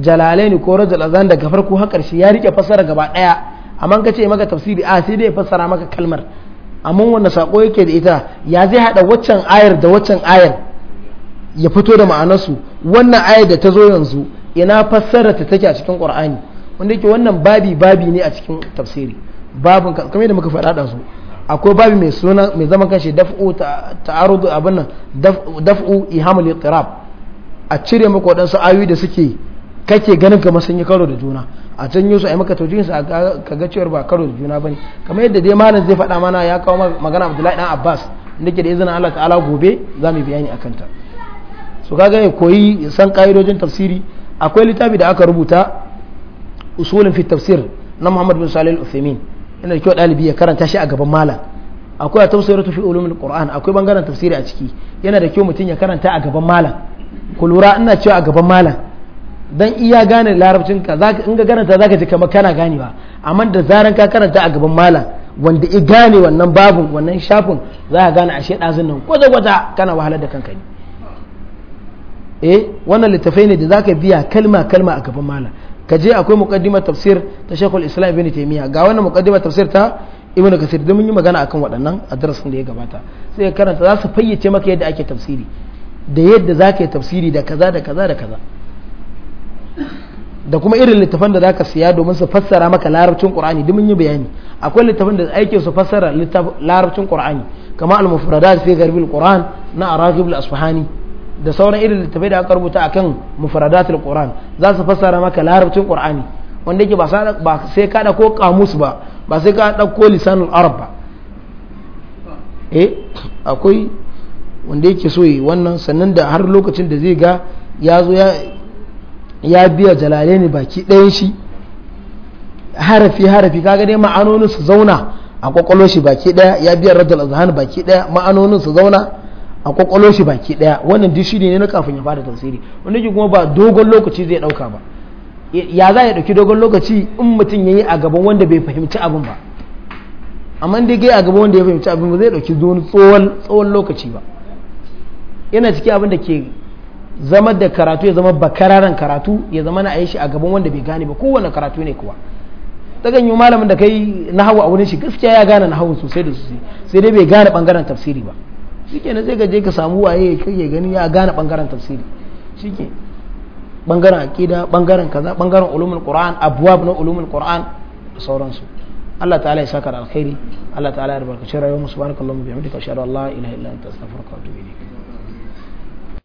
jalalaini ko rajul azan daga farko har ƙarshe ya rike fassara gaba ɗaya amma ka ce maka tafsiri a sai dai fassara maka kalmar amma wanda sako yake da ita ya zai hada waccan ayar da waccan ayar ya fito da ma'anarsu wannan ayar da ta zo yanzu ina fassara ta take a cikin qur'ani wanda yake wannan babi babi ne a cikin tafsiri babin kamar yadda muka faɗa su akwai babi mai suna mai zama kanshi daf'u ta'arudu abin nan daf'u ihamul iqrab a cire maka waɗansu ayoyi da suke kake ganin kamar sun yi karo da juna a can su a yi maka taujihin su ka ga cewar ba karo da juna bane kamar yadda dai malam zai faɗa mana ya kawo magana Abdullahi dan Abbas inda ke da izinin Allah ta'ala gobe za mu bayani akan ta so kaga ya koyi san ka'idojin tafsiri akwai littafi da aka rubuta usulin fi tafsir na Muhammad bin Salih al-Uthaymeen ina da kyau dalibi ya karanta shi a gaban malam akwai tafsiratu fi ulumul Qur'an akwai bangaren tafsiri a ciki yana da kyau mutum ya karanta a gaban malam ku lura ina cewa a gaban malam dan iya gane larabcin ka zaka in ga karanta zaka ji kamar kana ganewa amma da zaran ka karanta a gaban malam wanda i gane wannan babun wannan shafin za ka gane ashe ɗazun nan kwata kwata kana wahalar da kanka ne eh wannan littafai ne da zaka biya kalma kalma a gaban malam ka je akwai muqaddimar tafsir ta Sheikhul Islam Ibn Taymiyyah ga wannan muqaddimar tafsir ta Ibn Kathir da mun yi magana akan waɗannan a darasin da ya gabata sai ka karanta za su fayyace maka yadda ake tafsiri da yadda zaka yi tafsiri da kaza da kaza da kaza da kuma irin littafan da zaka siya domin su fassara maka larabcin qur'ani duk mun yi bayani akwai littafan da ake su fassara larabcin qur'ani kamar al-mufradat fi gharbil qur'an na Arabi bil asfahani da sauran irin littafai da aka rubuta akan al qur'an za su fassara maka larabcin qur'ani wanda yake ba sai ka ko kamus ba ba sai ka ko lisanul arab ba eh akwai wanda yake so yi wannan sannan da har lokacin da zai ga ya zo ya ya biya ne baki ɗayan shi harafi harafi kaga dai ma'anonin su zauna a kwakwalo shi baki ɗaya ya biya radul azhan baki ɗaya ma'anonin su zauna a kwakwalo shi baki ɗaya wannan duk shine ne na kafin ya fara tafsiri wanda ke kuma ba dogon lokaci zai ɗauka ba ya za ya ɗauki dogon lokaci in mutum ya yi a gaban wanda bai fahimci abin ba amma dai gai a gaban wanda ya fahimci abin ba zai ɗauki tsohon lokaci ba yana ciki abin da ke zama da karatu ya zama bakararan karatu ya zama na shi a gaban wanda bai gane ba kowane karatu ne kuwa ta yi malamin da kai na hawa a wurin shi gaskiya ya gane na nahawu sosai da sosai sai dai bai gane bangaren tafsiri ba shike na sai gaje ka samu waye kai ya gani ya gane bangaren tafsiri ke bangaren akida bangaren kaza bangaren ulumul qur'an abwab na ulumul qur'an da sauransu Allah ta'ala ya saka da alkhairi Allah ta'ala ya barkace rayuwar mu subhanakallahumma bihamdika ashhadu an la ilaha illa anta astaghfiruka wa atubu ilayk